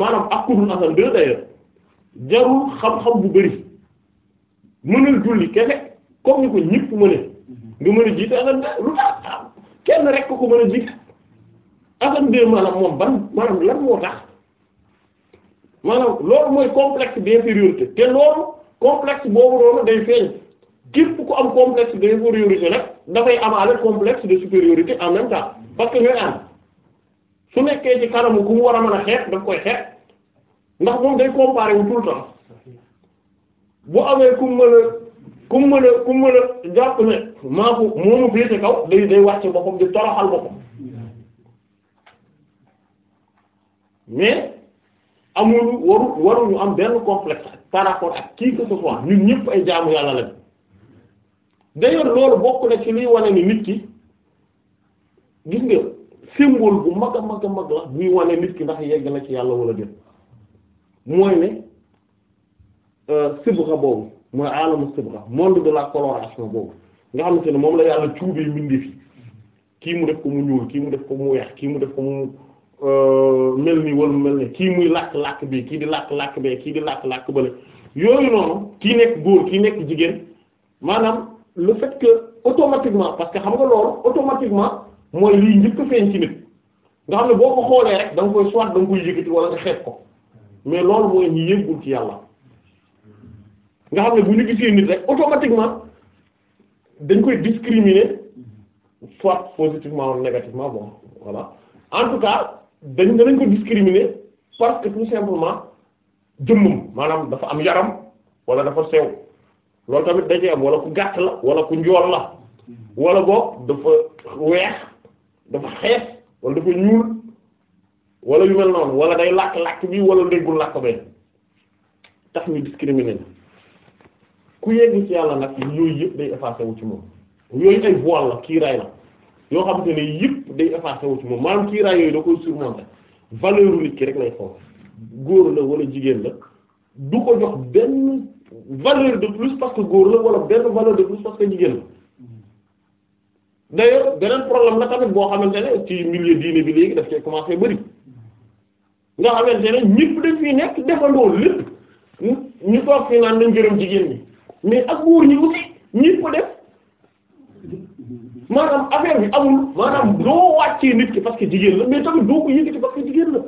maanaam ak kudul Assane bu bari mënal julli kese lu kenn rek ko mën a jiite. affaire bi maanaam moom ban maanaam lan moo tax maanaam loolu mooy complexe d'infériorité te loolu complexe boobu noonu day feeñ képp ku am complexe d'infériorité nag dafay amaale complexe de supériorité en même temps que ñooy am su nekkee ci kanamu ku mu war a mën a xeex daf koy xeex ndax moom day comparer wu tout bu amee ku mën a ku mën a ku mën a jàpp ne maa ko moomu féete kaw day day wàcc boppam di toroxal boppam mais amul waru waruñu am benn complexe par rapport ak qui que ce soit ñun ñëpp ay jaamu yàlla lañ d'ailleurs loolu bokk na ci liy wane ni nit ki gis nga symbole bu mag a mag a mag la buy wane nit ki ndax yegg na ci yàlla wala déet mooy ne euh, sibra boobu mooy alamu sibra monde de la coloration boobu nga xamante ne moom la yàlla cuubee mbindee fi kii mu def ko mu ñuul kii mu def ko mu weex kii mu def ko mu Euh, mel ni wala mel ni kii muy làkk-làkk bi kii di làkk-làkk bee kii di làkk-làkk bale yooyu noonu kii nekk góor kii nekk jigéen maanaam le fait que automatiquement parce que xam nga loolu automatiquement mooy lii njëkk feeñ ci nit nga xam ne boo ko xoolee rek da nga koy soit da nga koy yëkkati wala nga xeet ko mais loolu mooy ñi yëggul ci yàlla nga xam ne bu ñu gisee nit rek automatiquement dañ koy discriminer soit positivement négativement bon voilà dañ danañ ko discriminer parce que tout simplement jëmmum maanaam dafa am yaram wala dafa sew loolu tamit da cee am wala ku gàtt la wala ku njool la wala boog dafa weex dafa xees wala dafa ñuul wala yu mel noonu wala day làkk-làkk bi wala déggul làkk be tax ñu discriminer ku yegg ci yàlla nag yooyu yëpp day effacé wu ci moom yooyu ay voile la kiiraay la yoo xamante ne yëpp day effacé wu ci moom maanaam kiiraay yooyu da koy surmonter valeur nit ki rek lay xool góor la wala jigéen la du ko jox benn valeur de plus parce que góor la wala benn valeur de plus parce que jigéen la d'ailleurs beneen problème la tamit boo xamante ne ci milieu diine bi léegi daf cee commencé bari nga xamante ne ñëpp daf fi nekk defandoo lépp ñu toog fi naan nañ gërëm jigéen ñi mais ak góor ñi aussi ko def maanaam affaire bi amul maanaam doo wàccee nit ki parce que jigéen la mais tamit doo ko yëkkati parce que jigéen la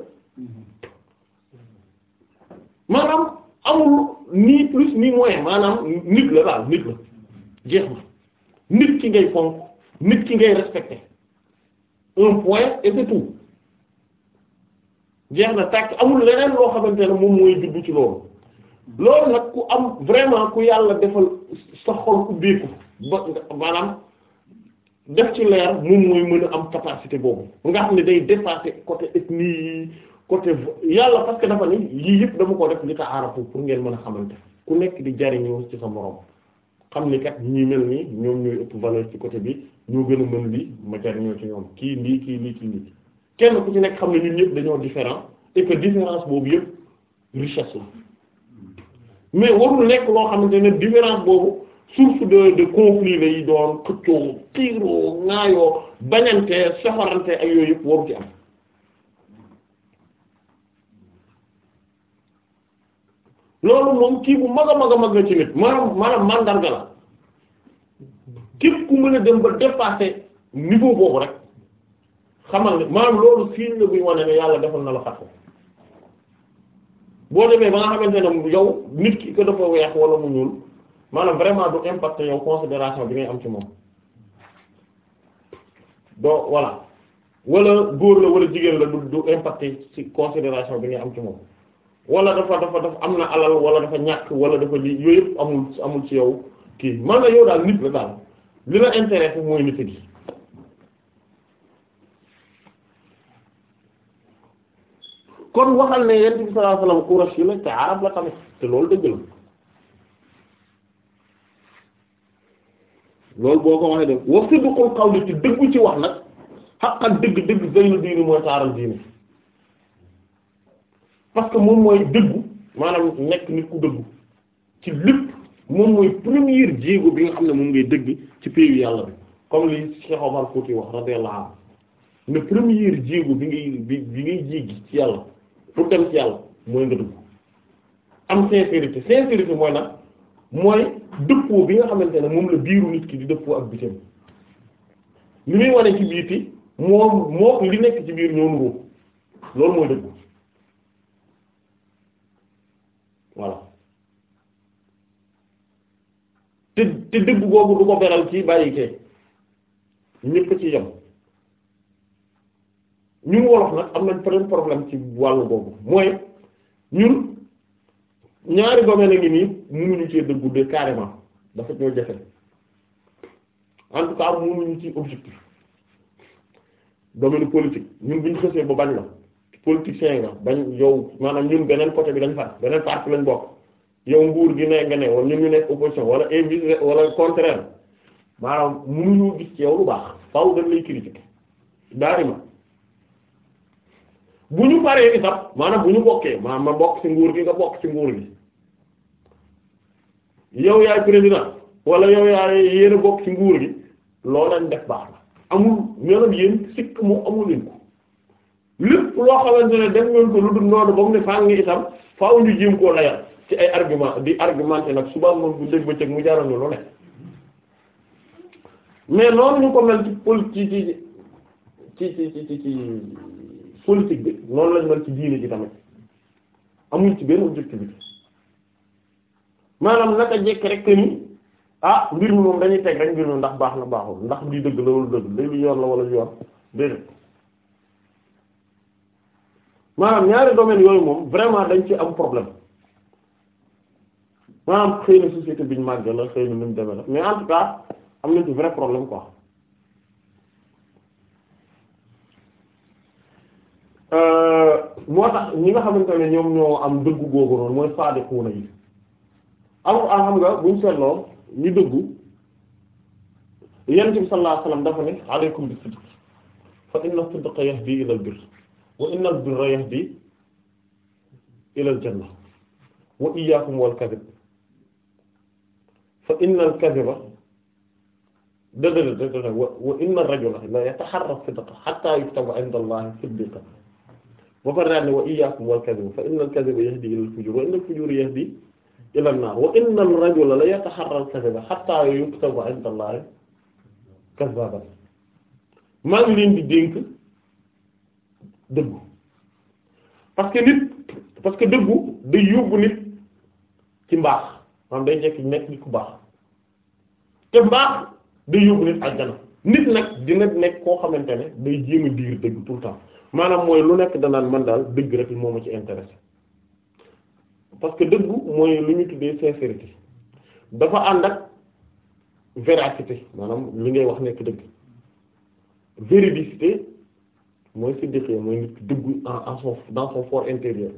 maanaam amul ni plus ni moins maanaam nit la daal nit la jeex na nit ki ngay fonk nit ki ngay respecter un point et tout jeex na tàkk amul leneen loo xamante ne moom mooy juddu ci loolu loolu nag ku am vraiment ku yàlla defal sa xol ku ba maanaam def ci leer moom mooy mën a am capacité boobu nga xam ne day dépasser côté ethnie yi côté yàlla parce que dafa ne yii yëpp dama koo def li taxaarafu pour ngeen mën a xamante ku nekk di jariñoo ci sa moroom xam ni kat ñi mel ni ñoom ñooy ëpp valeur ci côté bi ñoo gën a mën lii ma jariñoo ci ñoom kii lii kii lii kii lii kenn ku ci nekk xam ne ñun ñëpp dañoo différent te que différence boobu yëpp richesse la mais warul nekk loo xamante ne différence boobu source de de conflit lay doon xëccoo tiiroo ŋaayoo bañante soxorante ak yooyu yëpp waru am loolu moom kii bu mag a mag a mag la ci nit maanaam maanaam mandarga la képp ku mën a dem ba dépasser niveau boobu rek xamal ne maanaam loolu signe la buy wane ne yàlla defal na la xat ko boo demee ba nga xamante ne yow nit ki ko dafa weex wala mu ñuul maanaam vraiment du impacté yow considération bi ngay am ci moom donc voilà wala góor la wala jigéen la du du impacté ci considération bi ngay am ci moom wala dafa dafa dafa am na alal wala dafa ñàkk wala dafa lii yooyu yëpp amul amul ci yow kii maanaam yow daal nit la daal li la intéressé mooy nit a kon waxal ne yent bi sallallahu alayhi wasallam Quraysh la te arab la tamit te loolu dëgg la loolu boo ko waxee def wax si duqul xaw li ci dëggu ci wax nag xaqan dëgg dëgg zeynu diini mooy taaral diini parce que moom mooy dëggu maanaam nekk nit ku dëggu ci lépp moom mooy première jéego bi nga xam ne moom ngay dëgg ci péewu yàlla bi comme li Cheikh Omar Fouti wax radiyallahu anhu ne première jéego bi ngay bi bi ngay jéggi ci yàlla pour dem ci yàlla mooy nga dëggu am sincérité sincérité mooy nag mooy dëppoo bi nga xamante ne moom la biiru nit ki di dëppoo ak bitim li muy wane ci biiti moom moo li nekk ci biir ñoo nuroo loolu mooy dëgg voilà te te dëgg googu du ko beral ci bàyyi kee ñépp ci yem ñun wolof nag am nañ problème ci wàllu boobu mooy ñun ñaari domaine a ngi nii mënuñu cee dëggude carrément dafa ñoo jafe en tout cas mënuñu ci objectif domaine politique ñun bu ñu xësee ba bañ la politicien nga bañ yow maanaam ñun beneen côté bi lañ far beneen parti lañ bokk yow nguur gi ne nga ne wala ñun ñu nekk opposition wala invis wala contraire maanaam mënuñu gis ci yow lu baax faaw dañ lay critiquer daarima bu ñu paree itam maanaam bu ñu bokkee maanaam ma bokk ci nguur gi nga bokk ci nguur gi yow yaay wala yow yaay bokk ci nguur gi loolu lañ def baax na amul maanaam yéen sikk mu amul leen ko lépp loo xamante ne def ngeen ko lu dul noonu ba mu ne fànn itam faaw ñu jéem koo layal ci ay argument di argumenté nag suba moom bu dégg bëccëg mu jaral ñu lu ne mais noonu ñu ko mel ci pol ci ci ci ci ci. politique bi noonu lañ mel ci diine di tamit amuñ ci benn objectivité maanaam naka jekk rek que ah mbir mi moom dañuy teg rek mbir mi ndax baax na baaxul ndax lii dëgg la wala dëgg léegi yoon la wala yoon déedéet maanaam ñaari domaines yooyu moom vraiment dañ ci am problème maanaam xëy na société biñ màgg la xëy na ni mu la mais en tout cas am na ci vrai problème ko Euh, moo tax ñi nga xamante ne ñoom ñoo am dëggu googu noonu mooy saadiquuna yi alxuraan xam nga buñ seetloo ñu dëggu yonent bi sallallahu alayhi wasallam dafa ne alaykum bi sidq fa inna sidqa yahdi ila al-birr wa inna al-birra yahdi ila al-janna wa iyyakum wal kadhib fa inna al-kadhiba dëgg dëgg dëgg wa inna ar-rajula la yataharra sidqa hatta yuktaba inda Allahi siddiqan ba pare daal ne wa iyyaakum wal kadhib fa innal kadhiba yahdi ila al fujur wa innal fujura yahdi ila an nar wa innal rajula la yataharra al kadhiba hatta yuktaba inda allahi kadhaban maa ngi leen di dénk dëggu parce que nit parce que dëggu day yóbbu nit ci mbaax maanaam day jekk nekk nit ku baax te mbaax day yóbbu nit àjjana nit nag dina nekk koo xamante ne day jéem a diir dëgg tout temps maanaam mooy lu nekk danaan man daal dëgg rek moom ma ci intéressé parce que dëggu mooy lu ñu tuddee sincérité dafa ànd ak véracité maanaam li ngay wax nekk dëgg véridicité mooy si défee mooy nit dëggu en son dans son fort intérieur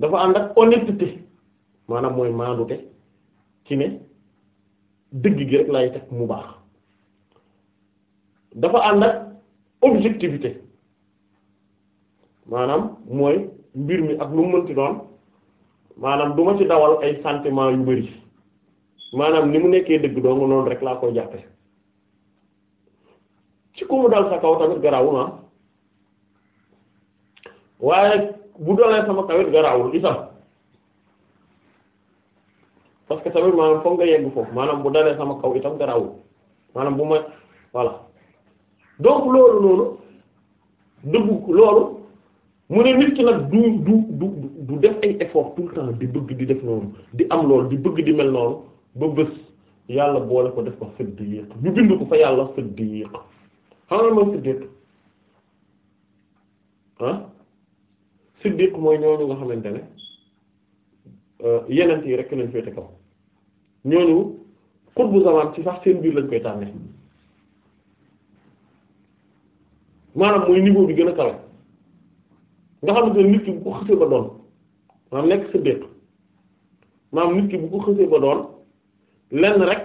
dafa ànd ak honnêteté maanaam mooy maandute ci ne dëgg gi rek laay teg mu baax dafa ànd ak objectivité maanaam mooy mbir mi ak lu mu mënti doon maanaam du ma ci dawal ay sentiment yu bari maanaam ni mu nekkee dëgg dong noonu rek laa koy jàppe ci ku mu dal sa kaw tamit garaawul ah waaye bu dalee sama kawit garaawul itam parce que tamit maanaam foog nga yegg foofu maanaam bu dalee sama kaw itam garaawul maanaam bu ma voilà donc loolu noonu dëggu loolu mu ne nit ki nag du du du du def ay effort tout temps di bëgg di def noonu di am loolu di bëgg di mel noonu ba bës yàlla boole ko def ko siddiq ñu bind ko fa yàlla siddiq xam nga mooy siddiq ah siddiq mooy ñooñu nga xamante ne euh, yeneen yi rek lañ féete kaw ñooñu xutbu zaman ci sax seen biir lañ koy tànnee. maanaam mooy niveau bi gën a kawe nga xamante ne nit ki bu ko xësee ba doon maanaam nekk sa déet maanaam nit ki bu ko xësee ba doon lenn rek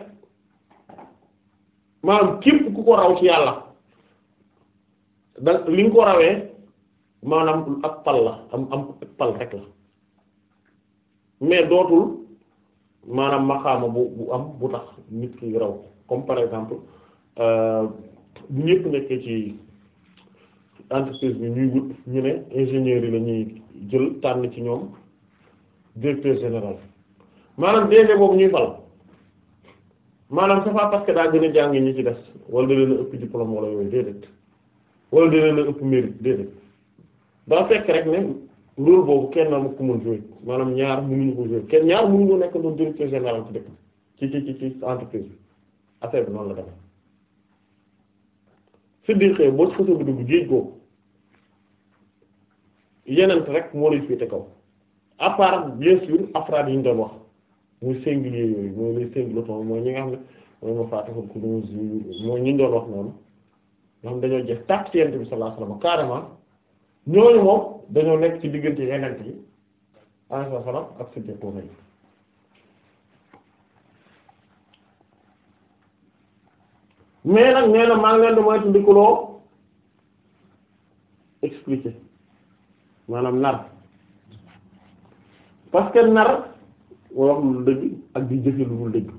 maanaam képp ku ko raw ci yàlla da li nga ko rawee maanaam ak pal la am am pal rek la mais dootul maanaam maxaama bu bu am bu tax nit ki raw comme par exemple bu euh, ñépp nekkee ci entreprise bi ñuy wut ñu ne ingénieurs yi la jël tànn ci ñoom directeur général maanaam DG boobu ñuy fal maanaam c'est pas parce que daa gën a jàng ñi ci des wala da leen a ëpp diplôme wala yooyu déedéet wala da leen ëpp mérite déedéet daa fekk rek ne loolu boobu kenn na ma ko mën maanaam ñaar mënuñu ko jouer kenn ñaar mënuñu nekk doon directeur général ci dëkk ci ci ci entreprise bi affaire bi noonu la deme siddiqee boo ci xësa bi dugg yenent rek moo lay féete kaw à part bien sûr yi ñu doon wax muy singulier yooyu mooy les singletons mooy ñi nga xam ne mooy ma ñu doon wax noonu nga xam dañoo jeex tàkk ci yenent bi sallallahu alayhi wasallam ñooñu moom dañoo nekk ci diggante yenent yi alayhi wasallam ak siddiquna yi mais nag nee na maa ngi leen di moytu ndikuloo expliquer maanaam nar parce que nar wax lu dëgg ak di jëfe lu dul dëgg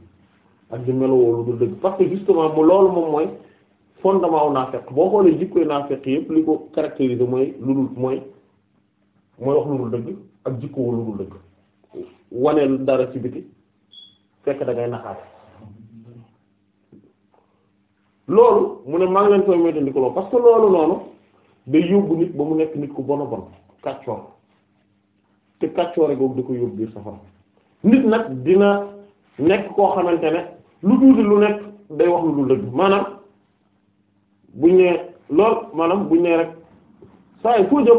ak di melowoo lu dul dëgg parce que justement mu loolu moom mooy fondement u naafeq boo xoolee jikkoy naafeq yépp li ko caractériser mooy lu dul mooy mooy wax lu dul dëgg ak jikkoo lu dul dëgg waneel dara ci biti fekk da ngay naxaat loolu mu ne maa ngi leen koy moytandikoo parce que loolu noonu day yóbbu nit ba mu nekk nit ku bon a bon kàccoor te kàccoor googu da ko yóbbu biir safara nit nag dina nekk koo xamante ne lu tuuti lu nekk day wax lu dul dëgg maanaam buñ ne lool maanaam bu ne rek saa yi foo jëm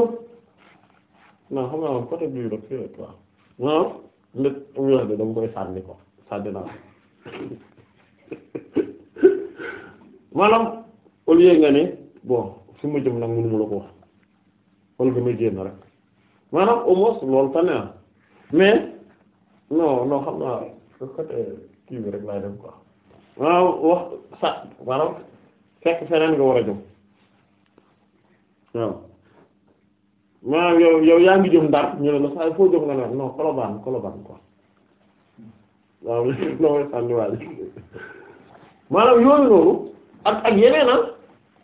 non xam nga moom côté dama koy sànni ko sànni naa maanaam au nga ne bon fi ma jëm nag mënu la ko wala damay génn rek maanaam au moins tane na mais non non xam naa côté kii bi rek laay dem quoi maanaam wax sa maanaam fekk feneen nga war a jëm waaw maanaam yow yow ngi jëm ndar ñu ne la saa foo jëm nga ne non yooyu noonu ak ak yeneen ah,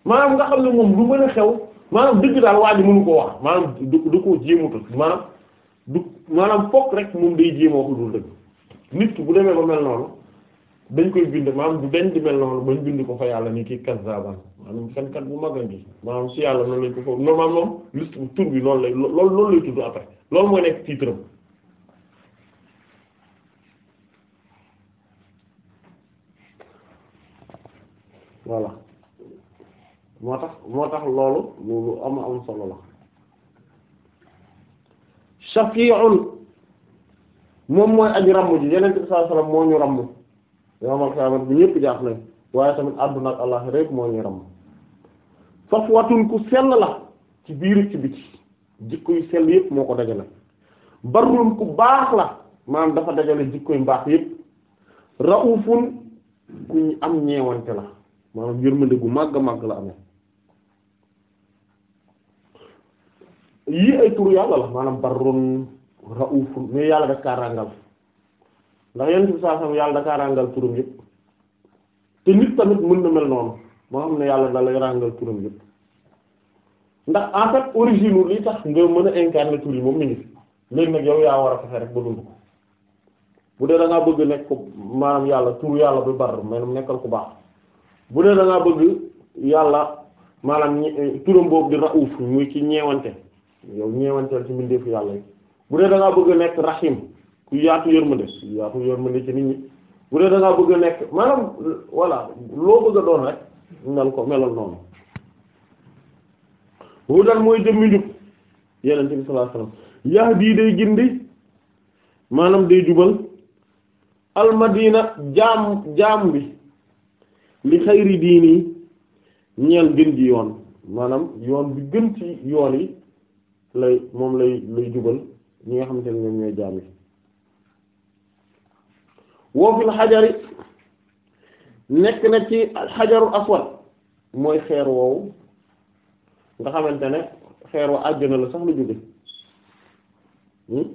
maanaam nga xam ne moom lu mën xew. maanaam dëgg daal waa ji mënu ko wax maanaam du du ko jéemutul maanaam du maanaam fokk rek moom day jéemoo ko dul dëgg nit ki bu demee ba mel noonu dañ koy bind maanaam du dañ di mel noonu bañ bind ko fa yàlla ni kii kazzaban maanaam fenkat bu mag a ngi maanaam si yàlla noonu lañ ko foofu normal moom liste bu tur bi loolu lay loolu loolu lay tudd après loolu mooy nekk titre am moo tax moo tax loolu lu am am solo la shafi'un moom mooy aji ramm ji yeneen bi sallallahu alayhi moo ñu ramm yowmal xiyaama bi ñëpp jaax nañ waaye tamit àdduna ak allah rek moo ñuy ramm safwatun ku sell la ci biir ci biti jikko yu sell yëpp moo ko dajale barrun ku baax la maanaam dafa dajale jikko yu mbaax yépp raufun ku am ñeewante la maanaam yërmande gu màgg màgg la amee yii ay tur yàlla la maanaam barrun raufun mais yàlla daf kaa ràngal ndax yenn bi saa sam yàlla da kaa ràngal turam yëpp te nit tamit mën na mel noonu moo am na yàlla da lay ràngal turam yëpp ndax en fait origine wu li tax nga mën a incarner tur yi moom mi ngi fi léegi nag yaa war a fexe rek ba dund ko bu dee danga bëgg nekk ko maanaam yàlla tur yàlla bu bar maanaam nekkal ku baax bu dee da ngaa bëgg yàlla maanaam turam boobu di rauf muy ci yow ñeewanteel ci mbindeefu yàlla yi bu dee da bëgg a nekk rahim ku yaatu yërmande ku yaatu yërmande ci nit ñi bu dee da bëgg a nekk maanaam voilà loo bëgg a doon rek mel ko melal noonu bu daan mooy jëmmi njub yeneen bi sallallahu alayhi wasallam yahdi day gindi maanaam day jubal almadina jaam jaam bi li xayri diini ñeel gën ji yoon maanaam yoon bi gën ci yoon yi lay moom lay lay jubal ñi nga xamante ne ñoom ñooy jaam yi woo fil xajari nekk na ci xajarul aswad mooy xeer woowu nga xamante ne xeer wa àjjana la sax la jóge hmm?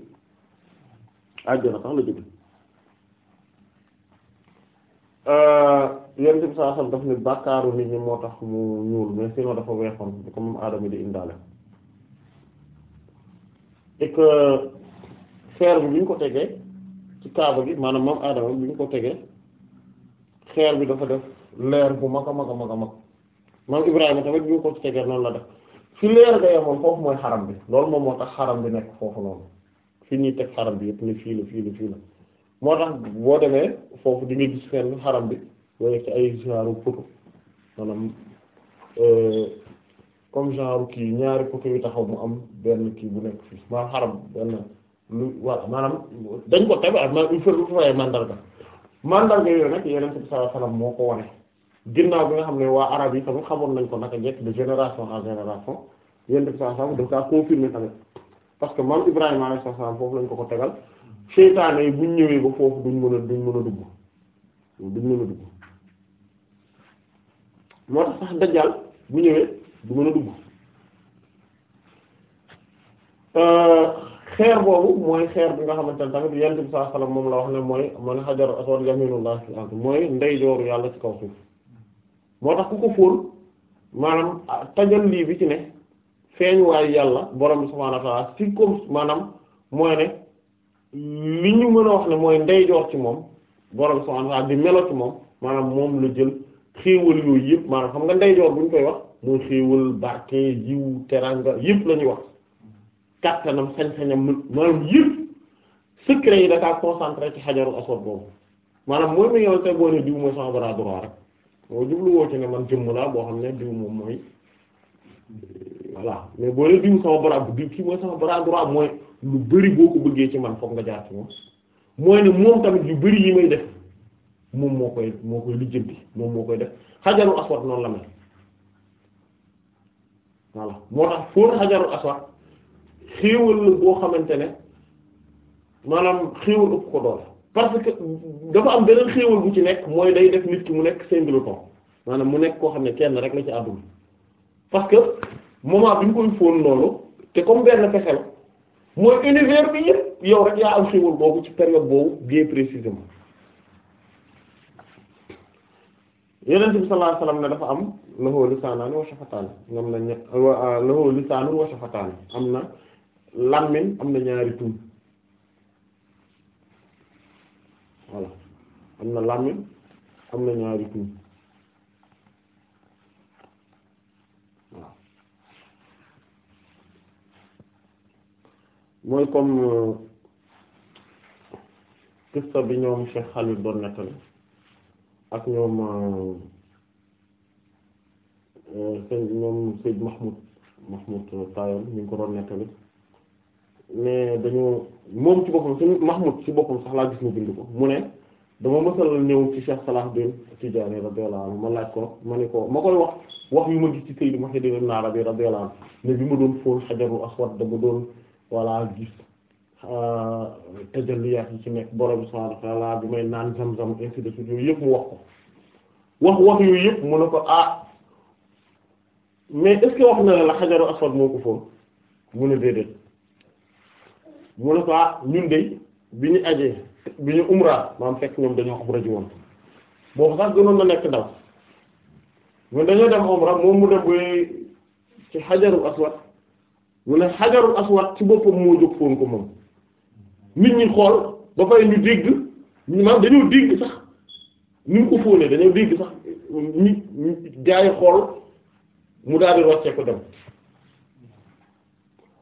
àjjana sax la jóge euh, yonent bi sallallahu alayhi wasallam daf ne bàkkaaru nit ñi moo tax mu ñuul mais sinon dafa weexoon comme aadama di indaale et que bi bi ñu ko tegee ci kaaba bi maanaam moom aadama bi ñu ko tegee xeer bi dafa def leer bu mag a mag a mag a mag moom Ibrahima tamit bi ñu ko tegee noonu la def fi leer ga yemoon foofu mooy xaram bi loolu moom moo tax xaram bi nekk foofu noonu fi ñuy teg xaram bi yëpp ni fii la fii la di nga gis fenn bi wala ci ay genre poto maanaam euh, comme genre kii ñaari côté yu taxaw mu am benn kii bu nekk fii maanaam xaram benn lu voilà maanaam dañ ko tabi ak maanaam il faut que fayee mandarga mandarga yooyu nag yeneen bi sallallahu alayhi wasallam moo ko wane ginnaaw bi nga xam ne waa arab yi tamit xamoon nañ ko naka njëkk de génération en génération yeneen bi sallallahu alayhi wasallam daf kaa confirmer tamit parce que maam Ibrahima alayhi salaam foofu lañ ko ko tegal seytaane yi buñ ñëwee ba foofu duñ mën a duñ mën a dugg duñ mën a dugg moo tax sax dajjal bu ñëwee. du mën a dugg euh, xeer boobu mooy xeer bi nga xamante ne tamit yent bi saa salaam moom la wax ne mooy man xajar aswad yaminullah fil ard mooy ndeyjooru yàlla ci moo tax ku ko fóon maanaam ah, tajal lii bi ci ne feeñuwaayu yàlla borom bi subhaanahu wa ta'aala ci comme maanaam mooy ne li ñu mën a wax ne mooy ndeyjoor ci moom borom bi subhaanahu wa ta'aala di melo ci moom maanaam moom la jël xéewal yooyu yëpp maanaam xam nga ndeyjoor bu ñu koy wax mooy xéewal barke yiw teranga yëpp la ñuy wax kattanam sañ-sañam maanaam yëpp secret yi da kaa ci xajarul aswad boobu maanaam mooy mu yow boo ne diw mooy sama bras rek moo jublu ci ne man jëmm boo xam ne diw moom mooy voilà mais boo ne diw sama bras mooy lu bari boo ko bëggee ci man fokk nga jaar ci moom mooy ne moom tamit yu bari yi may def moom moo koy moo koy bi moom moo koy def xajarul aswad noonu la mel voilà moo tax fóot xajarul aswad xéewal boo xamante ne maanaam xéewal ëpp ko doole parce que dafa am beneen xéewal bu ci nekk mooy day def nit ki mu nekk singleton maanaam mu nekk koo xam ne kenn rek la ci àdduna parce que moment bi ñu koy fóon noonu te comme benn fexe la mooy univers bi yëpp yow rek yaa am xéewal boobu ci période boobu bien précisément yonent bi sallallahu alayhi ne dafa am lahu lisaanun wa shafataan ñoom am na làmmiñ am na ñaari tuñ am na làmmiñ am na ñaari tuñ waaw mooy comme kissa euh, bi ñoom Cheikh Khalid doon nettali ak ñoom euh, euh, sëñ ñoom sëñ Mahmoud Mahmoud Tayon ñu ngi ko doon nettali mais dañoo moom ci boppam suñu Mahmoud ci boppam sax laa gis mu bind ko mu ne dama mësal ñëw ci Cheikh Salah Din Tidjânî radiyallahu anhu ma laaj ko ma ne ko ma koy wax wax yu ma gis ci Sayyid Muhyiddin Arabi radiyallahu anhu ne bi ma doon fóon xajarul aswad dama doon voilà gis Euh, tajalliyaat yi ci nekk borom subhaanahu wa ta'aala bi may naan zam-zam yooyu yëpp mu wax ko wax wax yooyu yëpp mu ne ko ah mais est wax na la xajaru aswad moo ko fóon mu ne déedéet mu ne ko ah ñun de bi ñu ajee bi ñu umra maam fekk ñoom dañoo umra ji woon boobu sax gënoon na nekk ndaw ñun dañoo dem umra moom mu dem bay ci xajaru aswad mu ne xajaru aswad ci boppam moo jóg fóon ko moom. nit ñi xool ba pare ñu dégg maanaam dañoo dégg sax ñu ko fóonee dañoo dégg sax ñi jaay xool mu daal di roccee ko dem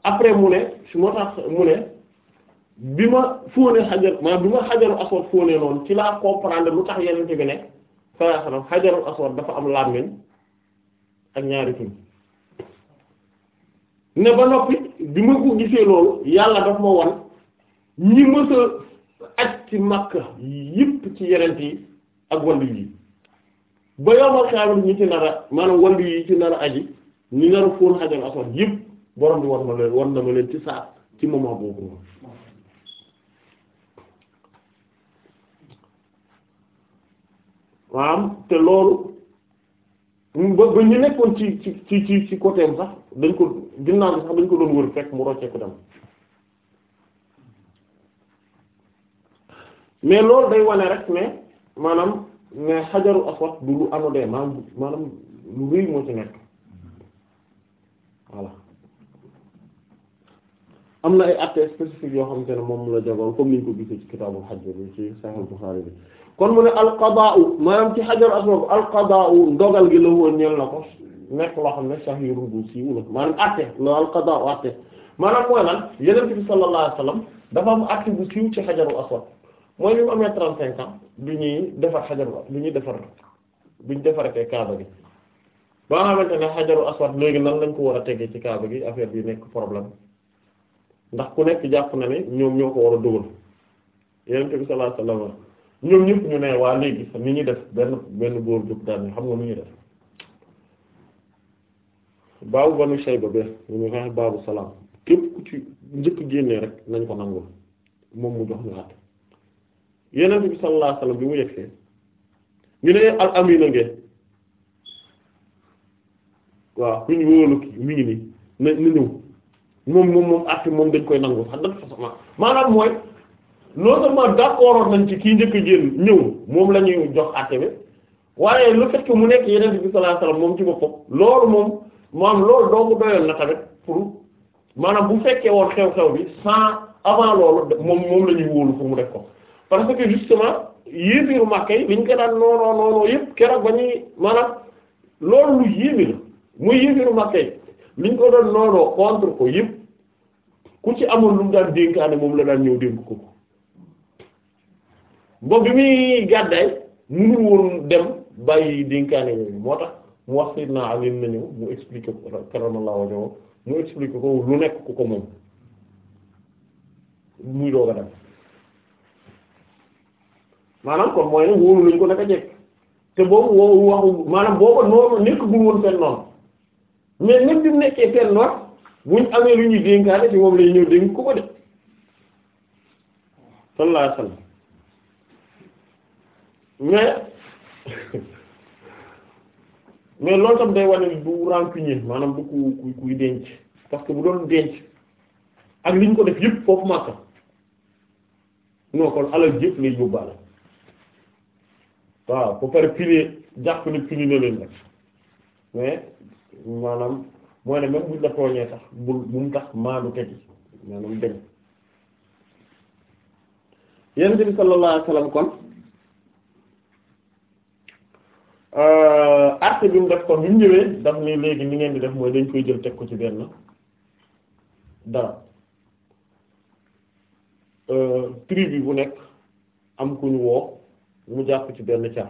après mu ne su moo tax mu ne bi ma fóonee xajar maanaam bi ma xajaru aswad fóonee noonu ci laa comprendre lu tax yenente bi ne sallallahu xajaru aswad dafa am làmmiñ ak ñaari tuñ ne ba noppi bi ma ko gisee loolu yàlla daf ma wan ñi mës a aj ci Makka yëpp ci yeneen yi ak wàllu yi ba yomal xaaral ñi ci nara maanaam wàllu yi ci nara aji ñi nara fóon xajal asoon yëpp borom bi war na leen war na ma leen ci saa ci moment boobu noonu maanaam te loolu. ba ba ñu nekkoon ci ci ci ci côté sax dañ ko ginnaaw bi sax dañ ko doon wër fekk mu roccee ko dem mais loolu day wane rek ne maanaam ne xajaru aswad du lu anodee maanaam maanaam lu rëy moo ci nekk voilà am na ay actes spécifiques yoo xam ne moom la jagoon comme niñ ko gisee ci kitaabul hajj bi ci Sahih Bukhari bi kon mu ne alqadaa'u maanaam ci xajaru aswad alqadaa'u ndogal gi la woon ñeel na ko nekk loo xam ne sahiru bu siiw la maanaam acte la alqadaa'u acte maanaam mooy lan Yonent bi sallallahu alayhi wasallam dafa am acte bu siiw ci xajaru aswad mooy bi mu amee trente bi ñuy defar xajaru bi ñuy defar bi ñu defaratee kaaba gi ba nga xamante ne xajaru aswad léegi nan lañ ko war a tegee ci kaaba gi affaire bi nekk problème ndax ku nekk jàpp na ne ñoom ñoo ko war a dugal yonent bi sallallahu alayhi wasallam ñu ne waa léegi ni ñuy def benn benn góor jóg daan xam nga nu ñuy def baabu banu Shayba be ñu ngi wax baabu salaam képp ku ci njëkk génnee rek nañ ko nangul moom mu jox ñu àtte yeneen bi sallallahu alayhi bi mu yegsee ñu ne al amina ngeen waaw ku ñu wóolu ki ngi nii na na ñëw moom moom moom àtte moom dañ koy nangu sax dafa sax maanaam mooy non seulement nañ ci kii njëkk a moom la ñuy jox àtte bi waaye le fait mu nekk yeneen bi sallallahu alayhi moom ci boppam loolu moom maanaam loolu doo ko doyoon na tamit pour maanaam bu fekkee woon xew-xew bi sans avant loolu moom moom la wóolu pour mu def ko. parce que justement yéeféeru Makka yi liñ ko daan noonoo noonoo yëpp keroog ba ñuy maanaam loolu lu yéeme la muy yéeféeru Makka yi liñ ko doon noonoo contre ko yëpp ku ci amul lu daal daan dénkaane moom la daan ñëw dénk ko ba bi muy gàddaay munul woon dem bàyyi dénkaane yooyu moo tax mu wax Seydina Ali na ñëw mu expliquer ko karamallahu wajhahu mu expliquer ko lu nekk ku ko moom muy doog a maanaam kon mooy ne wóolu lañ ko naka jekk te boobu woo waxu maanaam booba noonu nekk bu woon seen noonu mais même bi mu nekkee seen noonu buñ amee lu ñuy dénkaane ci moom lay ñëw dénk ko ko de sallallahu alayhi wasallam mais mais loolu tam day wane du rancunier maanaam du ku kuy denc parce que bu doon denc ak li ñu ko def yëpp foofu màkka non kon alal yëpp lay yóbbaale waaw ba pare pilier jàpp ne pilier na leen nag mais maanaam mooy ne même buñ la tooñee sax bul bu mu tax maadu teg yi maanaam dem yonent bi sallallahu alayhi wasallam kon euh, acte bi mu def kon bi mu ñëwee daf ni léegi ni ngeen di def mooy dañ koy jël teg ko ci benn dara euh, bi bu nekk am ku ñu woo mu jàpp ci benn caaf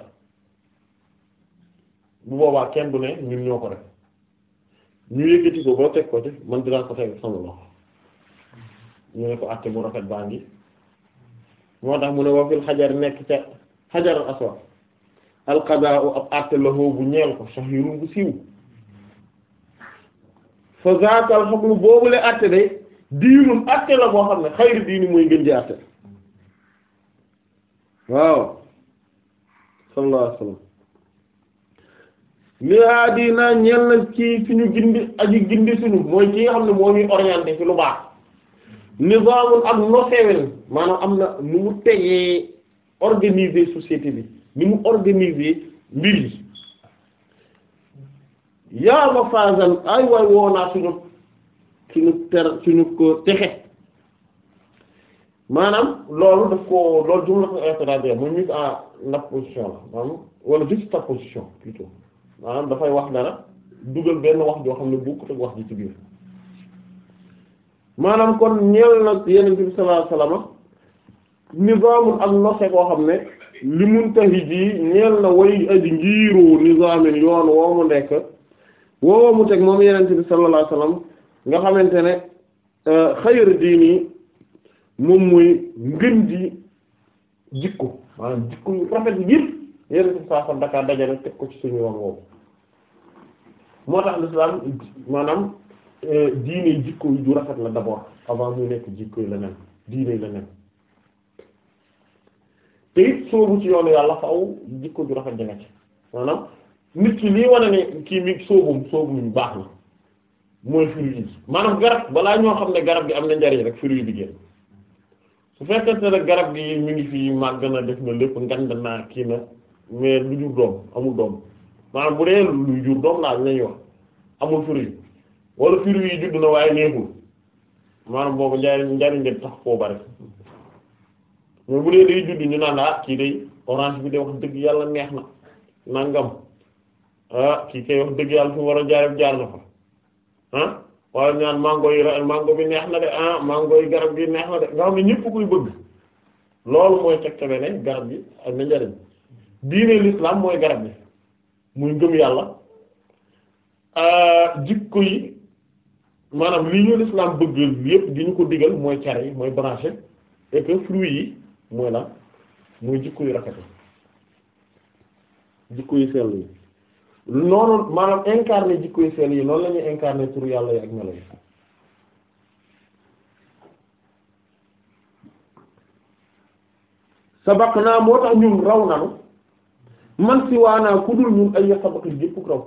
bu boobaa kenn bu ne ñun ñoo ko rek ñu yëkkati ko boo teg ko ci man dinaa ko teg sama loxo ñu ne ko àtte bu rafet baa ngi moo tax mu ne wa xajar nekk ca xajaral aswad alqadaa'u ab àtte lahu bu ñeel ko shahirun bu siiw fa zaaka alxablu boobule àtte day diinum àtte la boo xam ne xayri diini mooy gën ji àtte waaw sallallahu alayhi wasallam li haadi naa ñeel na ci suñu gindi aji gindi suñu mooy ki xam ne moo ñuy orienté ci lu baax nizaamul ak nosewel maanaam am na nu mu tegee organiser société bi ni mu organiser mbir yi yaa ma faasal ay waay woo suñu suñu ter suñu ko texe maanaam loolu daf ko loolu jumla intradé mu mise en apposition la maanaam wala juxtaposition plutôt maanaam dafay wax dara dugal benn wax joo xam ne bokkut ak wax ji ci biir maanaam kon ñeel nag yeneen bi sallallahu alayhi wasallam nizaamul ak nose koo xam ne li muntahi ji ñeel na way aji ngiiroo nizaamin yoon woo mu nekk woo mu teg moom yeneen bi sallallahu alayhi wasallam nga xamante ne euh, xayr yi moom mooy ngën di jikko maanaam jikko rafet yëpp yeneen si saa soxna Dakar dajale teg ko ci suñu yoon moo tax l'islam maanaam euh, diine jikko ju rafet la d'abord avant mu nekk jikko la leneen diine yu leneen te it soobu ci yoonu yàlla faaw jikko ju rafet di nekk maanaam nit ki lii wane ne kii mi soobum soobum baax na mooy fruit yi maanaam garab balaa ñoo xam ne garab gi am na njariñ rek fruit bi su fekkente ne garab gi mu ngi fii màgg na def na lépp ngand naa kii na mais lu jur doom amul doom maanaam bu dee lu jur doom daal lañuy wax amul fruit wala fruit yi judd na naan ah kii day orange bi de wax dëgg yàlla neex na nangam ah, kii kay wax dëgg yàlla fi mu war a jaar na fa ah waaw ñaan naan mango yi mango bi neex na de ah mango yi garab gi neex na de nga xam ne ñëpp kuy bëgg loolu mooy tegtale ne garab gi am na njariñ diine l'islam mooy garab gi muy ngëm yàlla ah, jikko yi maanaam li ñu l'islam bëgg yëpp di ñu ko digal mooy care yi mooy branché et que fruits yi mooy lan mooy jikko yi rafet jikko yu sell yi noonu maanaam incarné jikkoy sell yi noonu la ñuy tur yàlla yi ak melo yi sabaq naa moo tax ñun raw nanu man si waanaa ku dul ñun ay sabaqi jëpp raw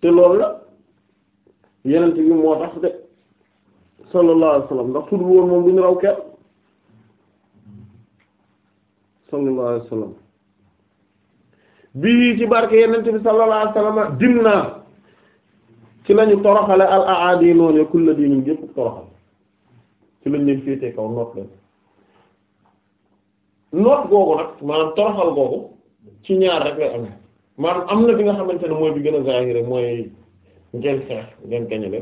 te loolu la yenent bi moo tax de sallallahu alayhi wasallam ndax sudul woon moom duñu raw kenn sallallahu alayhi bii ci barke yenent bi sallallahu alayhi wasallam dimnaa ci lañu toroxale al aadi noonu ya kulla diinin gépp toroxal ci lañ leen féetee kaw noot leen noot googu nag maanaam toroxal googu ci ñaar rek lay amee maanaam am na bi nga xamante ne mooy bi gën a zahir mooy ngeen xeex ngeen gañale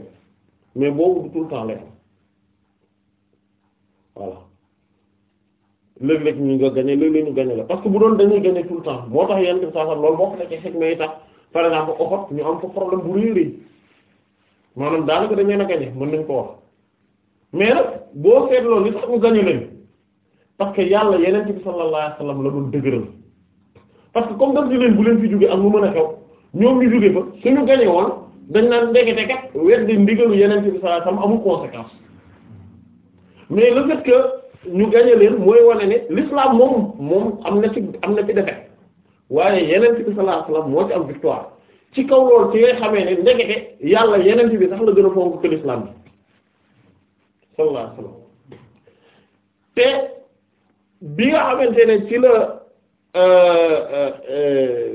mais boobu du tout le am voilà léeg-léeg ñu nga gagné léeg-léeg la parce que bu doon dañuy gagné tout le temps moo tax yenn saa sax loolu bokk na ci xikma yi tax par exemple oxot ñu am fa problème bu rëy rëy maanaam daanaka dañu leen a gagné mën nañ ko wax mais nag boo seetloo li tax ñu gagné leen parce que yàlla yeneen bi sallallahu alayhi wasallam la doon dëgëral parce que comme daf di bu leen fi jógee ak mu mën a xew ñoom ñu jógee woon dañ naan ndekete kat weddi ndigalu yeneen bi sallallahu alayhi wasallam amul conséquence mais le fait ñu gañe leen mooy wane ne l'islam moom moom am na ci am na ci defet waaye yenent bi sallallahu alayhi wasallam moo ci am victoire ci kaw loolu ci ngay xamee ne ndekete yàlla yenent bi sax la gën a fonk que l'islam bi te bi nga xamante ne ci la euh, euh, euh,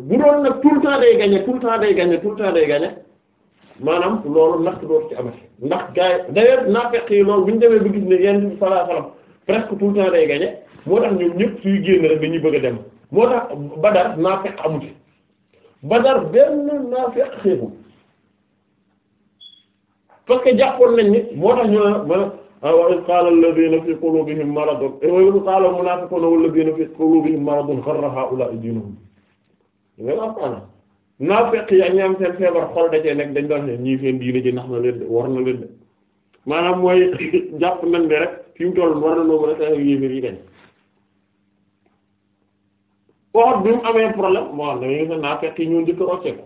bu doon nag tout le temps day gagner tout le temps day gagner tout le temps day gagner maanaam loolu natt dootu ci amati ndax gars yi d'ailleurs naafeq yi loolu bu ñu demee ba gis ne yenn sallallahu alayhi wasallam presque tout le temps day gagné moo tax ñoom ñëpp suy génn rek dañuy bëgg a dem moo tax Badar naafeq amu ci Badar benn naafeq xeexul parce que jàppoon nañ ni moo tax ñu naan man ah, wa iz qaala alladhiina fi quluubihim maradun eh, wa iz qaala al munaafiquuna walladhiina fi quluubihim maradun gharra haa'ulaa'i diinuhum naafeq yi ak ñaam seen feebar xol da cee nekk dañ doon ne ñii seen diine ji nax na leen de war na leen de maanaam mooy jàpp nañ ne rek fi mu toll war na noo mën a xeex yéefér yi kañ oot bi mu amee yi ñoo njëkk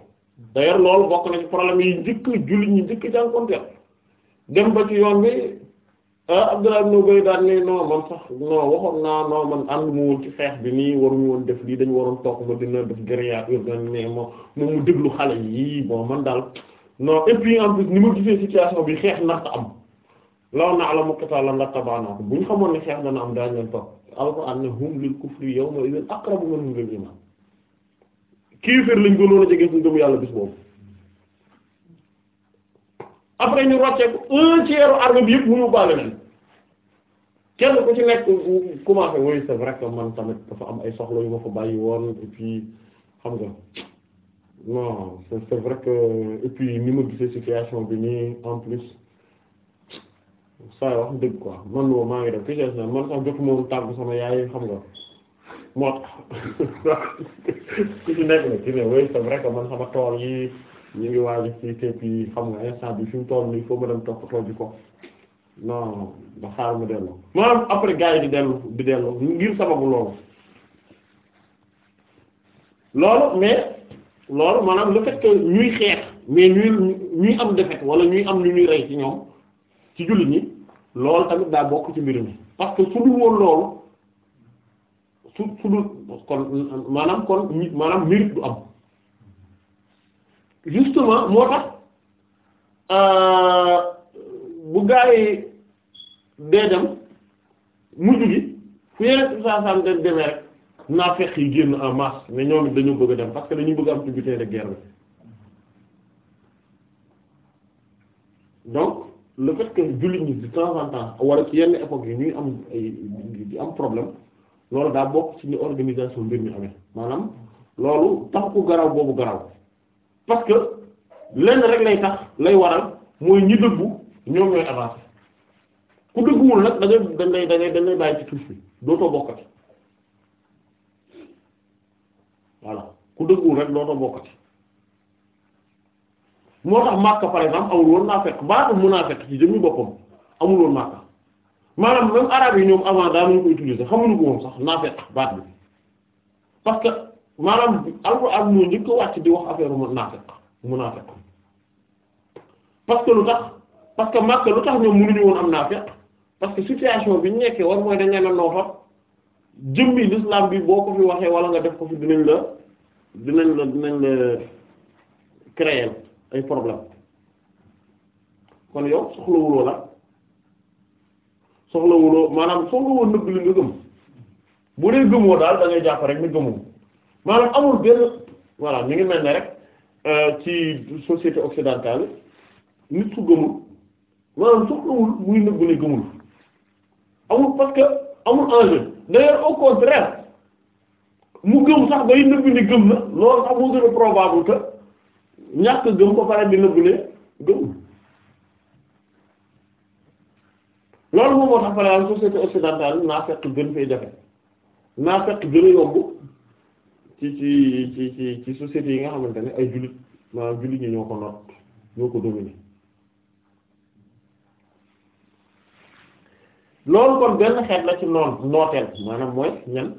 a loolu bokk na ci problème yi njëkk jullit ñi njëkk jànkonteel dem ba ci yoon bi Ah, Abdullah ibn Ubay daan ne non man sax non waxoon naa non man ànd mu ci xeex bi nii waruñu woon def lii dañu waroon toog ma dina def guérilla urbaine mais moom mu déglu xale yi bon man daal non et puis ni ma gisee situation bi xeex na ko am law na'lamu qitaalan lattabaa'naakum bu ñu xamoon ne xeex dana am daañu leen toog Alxuraan ne hum lil kufri yawma'idhin aqrabu minhum lil iimaan kéefër lañ gënoon a jege suñu gëm yàlla bis boobu. après ñu rocceeku un tiers arme bi yëpp mënu baale leen kenn ku ci nekk commencé woy c'est vrai que man tamit dafa am ay soxla yu ma fa bàyyi woon et puis xam nga non c'est vrai que et puis ni ma gisee situation bi nii en plus saa wax dëgg quoi man moom maa ngi def pièce na man sax jotuma woon tàggu sama yaay xam nga moo tax ku ci nekk na ci ne woy c'est vrai man sama tool yi ñu ngi waaj fii képp yi xam nga instant bi fi mu toll nii foo ma dem toppatoo ji ko non da mu dellu maanaam après gars yi di dellu di dellu ngir sababu loolu loolu mais loolu maanaam le fait ñuy xeex mais ñuy ñuy am défaite wala ñu am lu ñuy rey ci ñoom ci jullit ñi loolu tamit daa bokk ci mbir mi parce que su dul woon loolu su su dul kon maanaam kon maanaam mérite du am justement moo tax euh, bu gaa yi dee dem mujj gi fu yeneen si saa saa dem demee rek naa fekk yi génn en masse mais ñoom it dañoo bëgg a dem parce que dañu bëgg am tributaire de guerre bi donc le fait que jullit ñi de temps en temps wala ci yenn époque yi ñuy am ay di am problème loolu daa bokk ci ni organisation mbir mi amee maanaam loolu tax ku garaw boobu garaw parce que lenn rek lay tax lay waral mooy ñi dëggu ñoom ñooy avancer ku dëgguwul nag da ngay dañ lay bàyyi ci tuuf bi dootoo bokkati voilà ku dëgguwul rek dootoo bokkati moo tax Makka par exemple amul naa fekk baatu munaafiq ci jëmmi boppam amul woon maanaam même arabe yi ñoom avant daanuñu ko utiliser xamuñu ko woon sax naa fekk baat bi parce que. maanaam alxuraan moo njëkk wàcc di wax affaire munaafiq munaafiq parce que lu tax parce que Makka lu tax ñoom mënuñu woon am naafiq parce que situation bi ñu nekkee war mooy dañ leen a noofal jëmmi l'islam bi boo ko fi waxee wala nga def ko fi dinañ la dinañ la dinañ la créer ay problème kon yow soxlawuloo la soxlawuloo maanaam soxlawoo nëbb li nga gëm bu dee gëmoo daal da jàpp rek ni gëmoo maanaam amul benn voilà mu ngi mel ne rek euh, ci société occidentale nit ku gëmul maanaam soxlawul muy nëbbu ne gëmul amul parce que amul enjeu d'ailleurs au contraire mu gëm sax day nëbbu ne gëm na loolu sax moo gën a probable que ñàkk gëm ba pare di nëbbu ne gëmul loolu moom moo tax par exemple société occidentale naa fekk gën fay jafe naa fekk gën a yomb ci ci ci ci ci yi nga xamante ne ay jullit maanaam jullit ñi ñoo ko not ñoo ko dominer loolu kon benn xeet la ci noon nooteel maanaam mooy ñan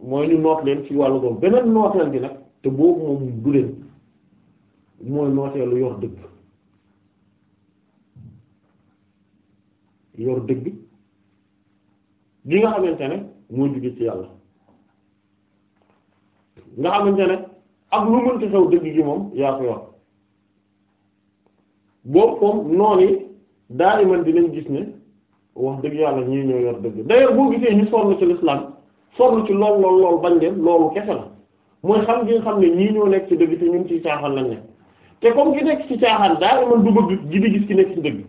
mooy ñu noot leen ci wàll boobu beneen nooteel bi nag te boobu moom du leen mooy nooteelu yor dëgg yor dëgg li nga xamante ne moo jóge ci yàlla nga xamante ne ak lu mënti xew dëgg gi moom yaa ko yor boobu moom noonu yi daal man dinañ gis ne wax dëgg yàlla ñii ñoo yor dëgg d'ailleurs boo gisee ñu sonn ci l'islam sonn ci lool lool lool bañ leen loolu kese la mooy xam gi nga xam ne ñii ñoo nekk ci dëgg te ñun ci caaxaan lañ nekk te comme ki nekk ci caaxaan daal man du bëgg gi di gis ki nekk ci dëgg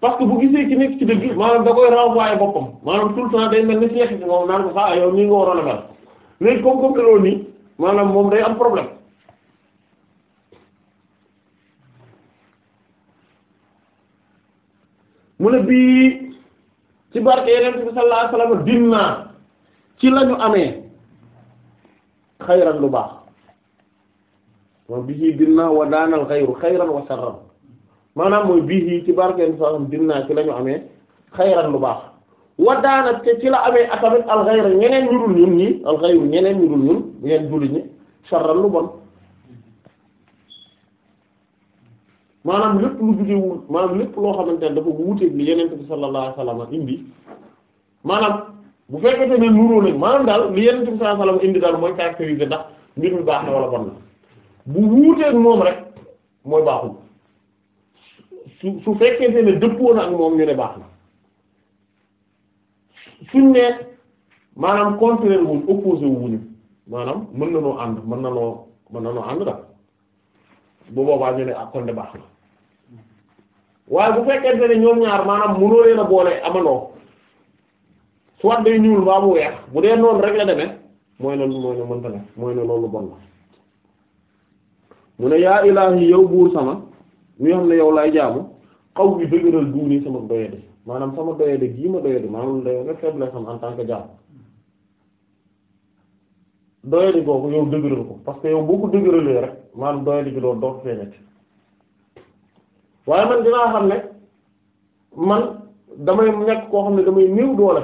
parce que bu gisee ki nekk ci dëgg maanaam da koy renvoyer boppam maanaam tout le temps day mel ni seexi moom naan ah, a mel léegi comme maanaam moom day am problème mu ne bii ci barke yeneen bi sallallahu alayhi wasallam dinaa ci lañu amee xayran lu baax moom bii dinaa wa daanal xayru xayran wa sarran maanaam mooy bii ci barke yeneen bi sallallahu alayhi wasallam dinaa ci lañu amee xayran lu baax waddaana te ci la amee atamit alxayra ñeneen ñu dul ñun ñii alxayru ñeneen ñu dul ñun ñeen jullit ñi sarral lu bon maanaam lépp lu jugewul maanaam lépp loo xamante ne dafa wuuteeg li yenente bi sallallahu alayhi wasallam indi maanaam bu fekkete ne nuroo nañ maanaam daal li yenente bi sallallahu alayhi wasallam indi daal mooy caractérisé ndax mbir mi baax na wala bon na bu wuuteeg moom rek mooy baaxul su su fekkente ne dëppoo na ak moom ñu ne baax na suñ ne maanaam contraire wuñu maanaam mën na noo ànd mën na noo mën na noo ànd da bu boobaa ñu ne ak ah, kon baax na waaye bu fekkente ne ñoom ñaar maanaam mënoo leen a boole amandoo soit day ñuul mbaa mu weex bu dee noonu rek la demee mooy ne mooy ne mënta ne mooy ne loolu bon la mu ne yaa ilaahi yow buur sama ñu xam ne yow laay jaamu xaw bi dëgëral duuni sama doyadi maanaam sama doyade gii ma doyade maanaam doyade nga faiblesse am en tant que jaam doyade googu yow dëgëral ko parce que yow boo ko dëgëralee rek maanaam doyade gi doo doog feeñati waaye man dinaa xam ne man damay nekk koo xam ne damay néew doole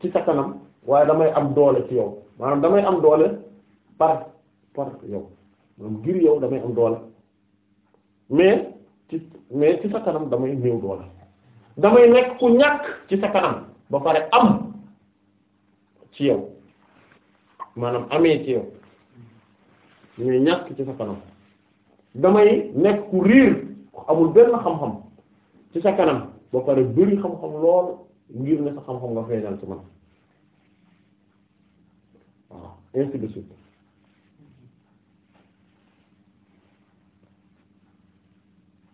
ci sa kanam waaye damay am doole ci yow maanaam damay am doole par par yow maanaam ngir yow damay am doole mais ci mais ci sa kanam damay néew doole damay nekk ku ñàkk ci sa kanam ba pare am ci yow maanaam amee ci yow ñuy ñàkk ci sa kanam damay nekk ku riir amul benn xam-xam ci sa kanam ba pare bëri xam-xam lool ngir ne sa xam-xam nga feeñal ci man waaw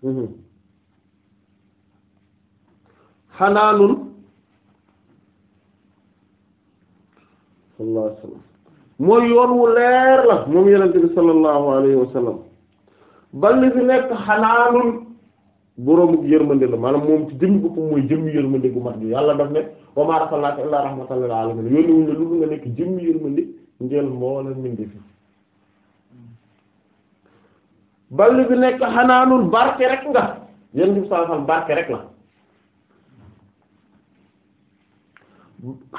Mhm. xanaanun sallallahu alayhi wa sallam mooy yoon wu leer la moom yenente bi sallallahu alayhi wa sallam balli nekk xanaanun boroomu yërmande la maanaam moom ci jëmmi boppam mooy jëmmi yërmande gu mat bi yàlla daf ne wa maa arsalnaaka illaa rahmatan lil aalamiin yónni wuñ la lu nga nekk jëmmi yërmande njël mboola mindi fi ball bi nekk xanaanul barke rek nga yan bi saa saam barke rek la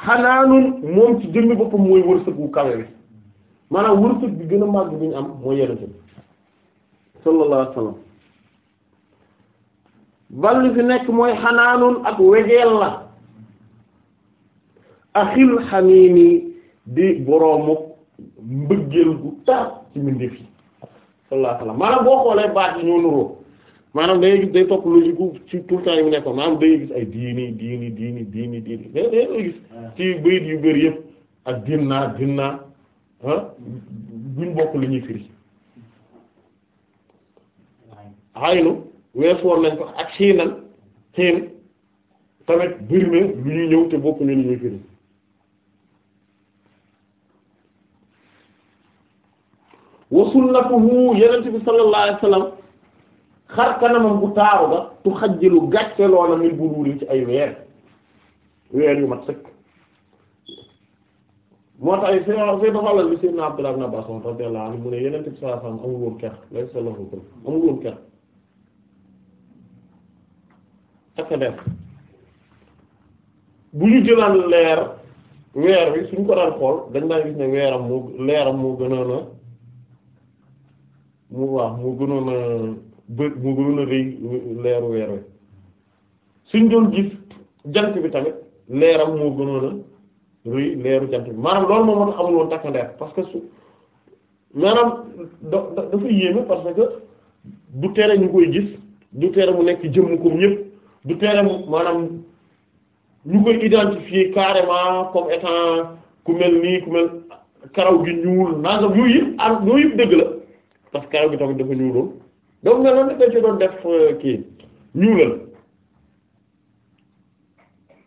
xanaanul moom ci jëmmi boppam mooy wërsëg wu kawe bi maanaam wërsëg bi gën a màgg bi ñu am mooy yenente bi sallallahu alayhi ball bi nekk mooy xanaanul ak wegeel la axil xamiini di boroomu mbëggeel gu tar ci mbindeef yi sallallahu alayhi wasallam maanaam boo xoolee baat yi ñoo nuroo maanaam day gis day topp logique ci tout le temps yi mu nekkoon maanaam day gis ay diini diini diini diini diini da day gis ci bayit yu bëri yëpp ak din naa din naa ah buñ bokk li ñuy firi aynu wees woon nañ ko ak xiinan xiin tamit bëri na ñuy ñëw te bokk ñu li ñuy firi wa sunnatuhu yenente bi sallallahu alayhi wasallam xar kanamam bu taaru ga tu xajjilu gàcce loola min buruuri ci ay weer weer yu mat sëkk moo tax s say doxalal li sayyidina Abdullah ibn Abbas radiyallahu anhu mu ne yenente bi sallallahu alayhi wasallam amul woon ker lay sallahu ko amul woon ker ak a def bu ñu jëlaan leer weer wi suñ ko daan xool dañ daan gis ne weeram moo leeram moo gënoon mu waaw moo gënoon a rëy leeru weer wi suñ doon gis jant bi tamit leeram moo gënoon a rëy leeru jant bi maanaam loolu moom moo tax amul woon takkandeer parce que su maanaam da dafa yéeme parce que du tere ñu koy gis du tere mu nekk jëmm comme ñëpp du tere maanaam ñu koy identifier carrément comme étant ku mel nii ku mel karaw gi ñuul nangam yooyu yëpp am yooyu yëpp dëgg la parce que gi tamit dafa ñuuloon donc mel noonu dañ ci doon def euh, kii ñuulal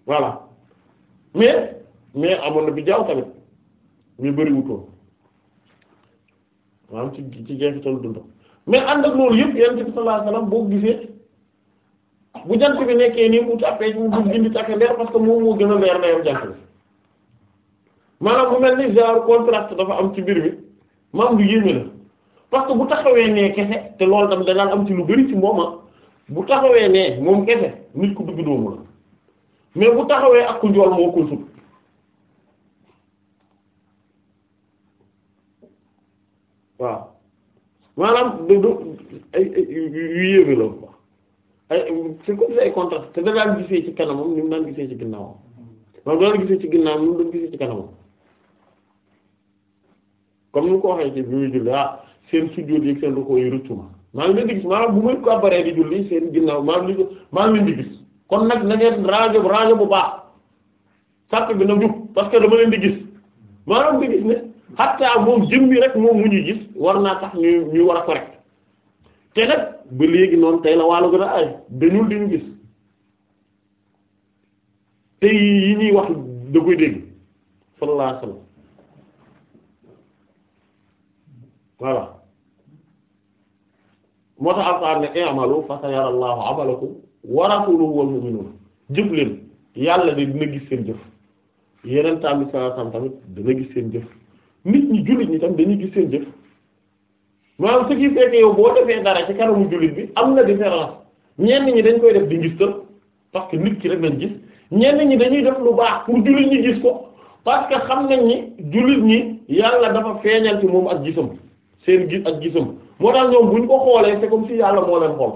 voilà mais mais amoon na bi jaaw tamit mais bëri wutoon maanaam ci ci mais ànd ak loolu yëpp yonent bi sallallahu alayhi wasallam boo gisee bu jant bi nekkee nii mu tàppee mu dugg gindi tàkkee leer parce que moom moo gën a leer na yam jant bi maanaam mu mel ni genre contraste dafa am ci mbir mi maam du yéeme la parce que bu taxawee nee kese te loolu tamit da am ci lu bari ci moom bu taxawee nee moom kese nit ku dugg doomu la mais bu taxawee ak ku njool moo koy sut waaw maanaam du du ay yu yéeme la bu ay c'est comme ça ay contraste te da daan gisee ci kanamam ni mu daan gisee ci ginnaawam moom da daan ci ginnaawam ni mu daan gisee ci kanamam comme ni ko waxee ci bi muy julli ah seen sujjóot yi seen lu yi rëccu ma maa ngi leen di gis maanaam bu muy kàbbaree maa ngi maa gis kon nag na ngeen rajo rajo bu baax sàpp bi na jub parce que dama leen di gis maanaam di gis ne xatta moom jëm rek moom mu ñu gis war naa tax ñu ñu war a correct te nag ba léegi noonu tey la waalo gën a ay dañul di ñu gis te yi ñuy wax da koy dégg sallallahu alayhi wasallam voilà moo tax am na alxuraan ne i'malu fa sayarallahu 'amalakum wa rasuluhu wal mu'minun jëf leen yàlla de dina gis seen jëf yeneen tamit sallallahu alayhi tamit dina gis seen jëf nit ñi jullit ñi tam dañuy gis seen jëf maanaam ce boo defee dara ci kanamu jullit bi am na différence ñenn ñi dañ koy def di gis parce que nit ki rek lañ gis ñenn ñi dañuy def lu baax pour jullit ñi gis ko parce que xam nañ ni jullit ñi yàlla dafa feeñal ci moom ak gisam seen gis ak gisam moo tax ñoom bu ñu ko xoolee c'est comme si yàlla moo leen xool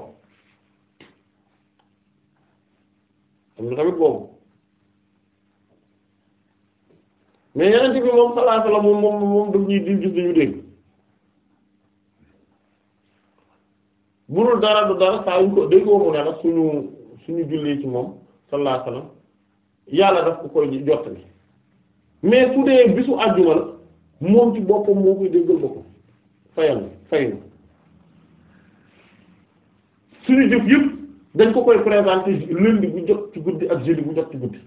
am na tamit boobu mais yeneen bi moom salaasa la moom moom moom daf ñuy di gis dañu dégg burul dara du dara saa yuñ ko dégg ko mu ne suñu suñu jullee ci moom salaasa yàlla daf ko koy jot ni mais su dee bisu àjjuma la moom ci boppam moo koy déggal boppam fayal fayal suñu jëf yëpp dañ ko koy présenter lundi bu jot ci guddi ak jeudi bu jot ci guddi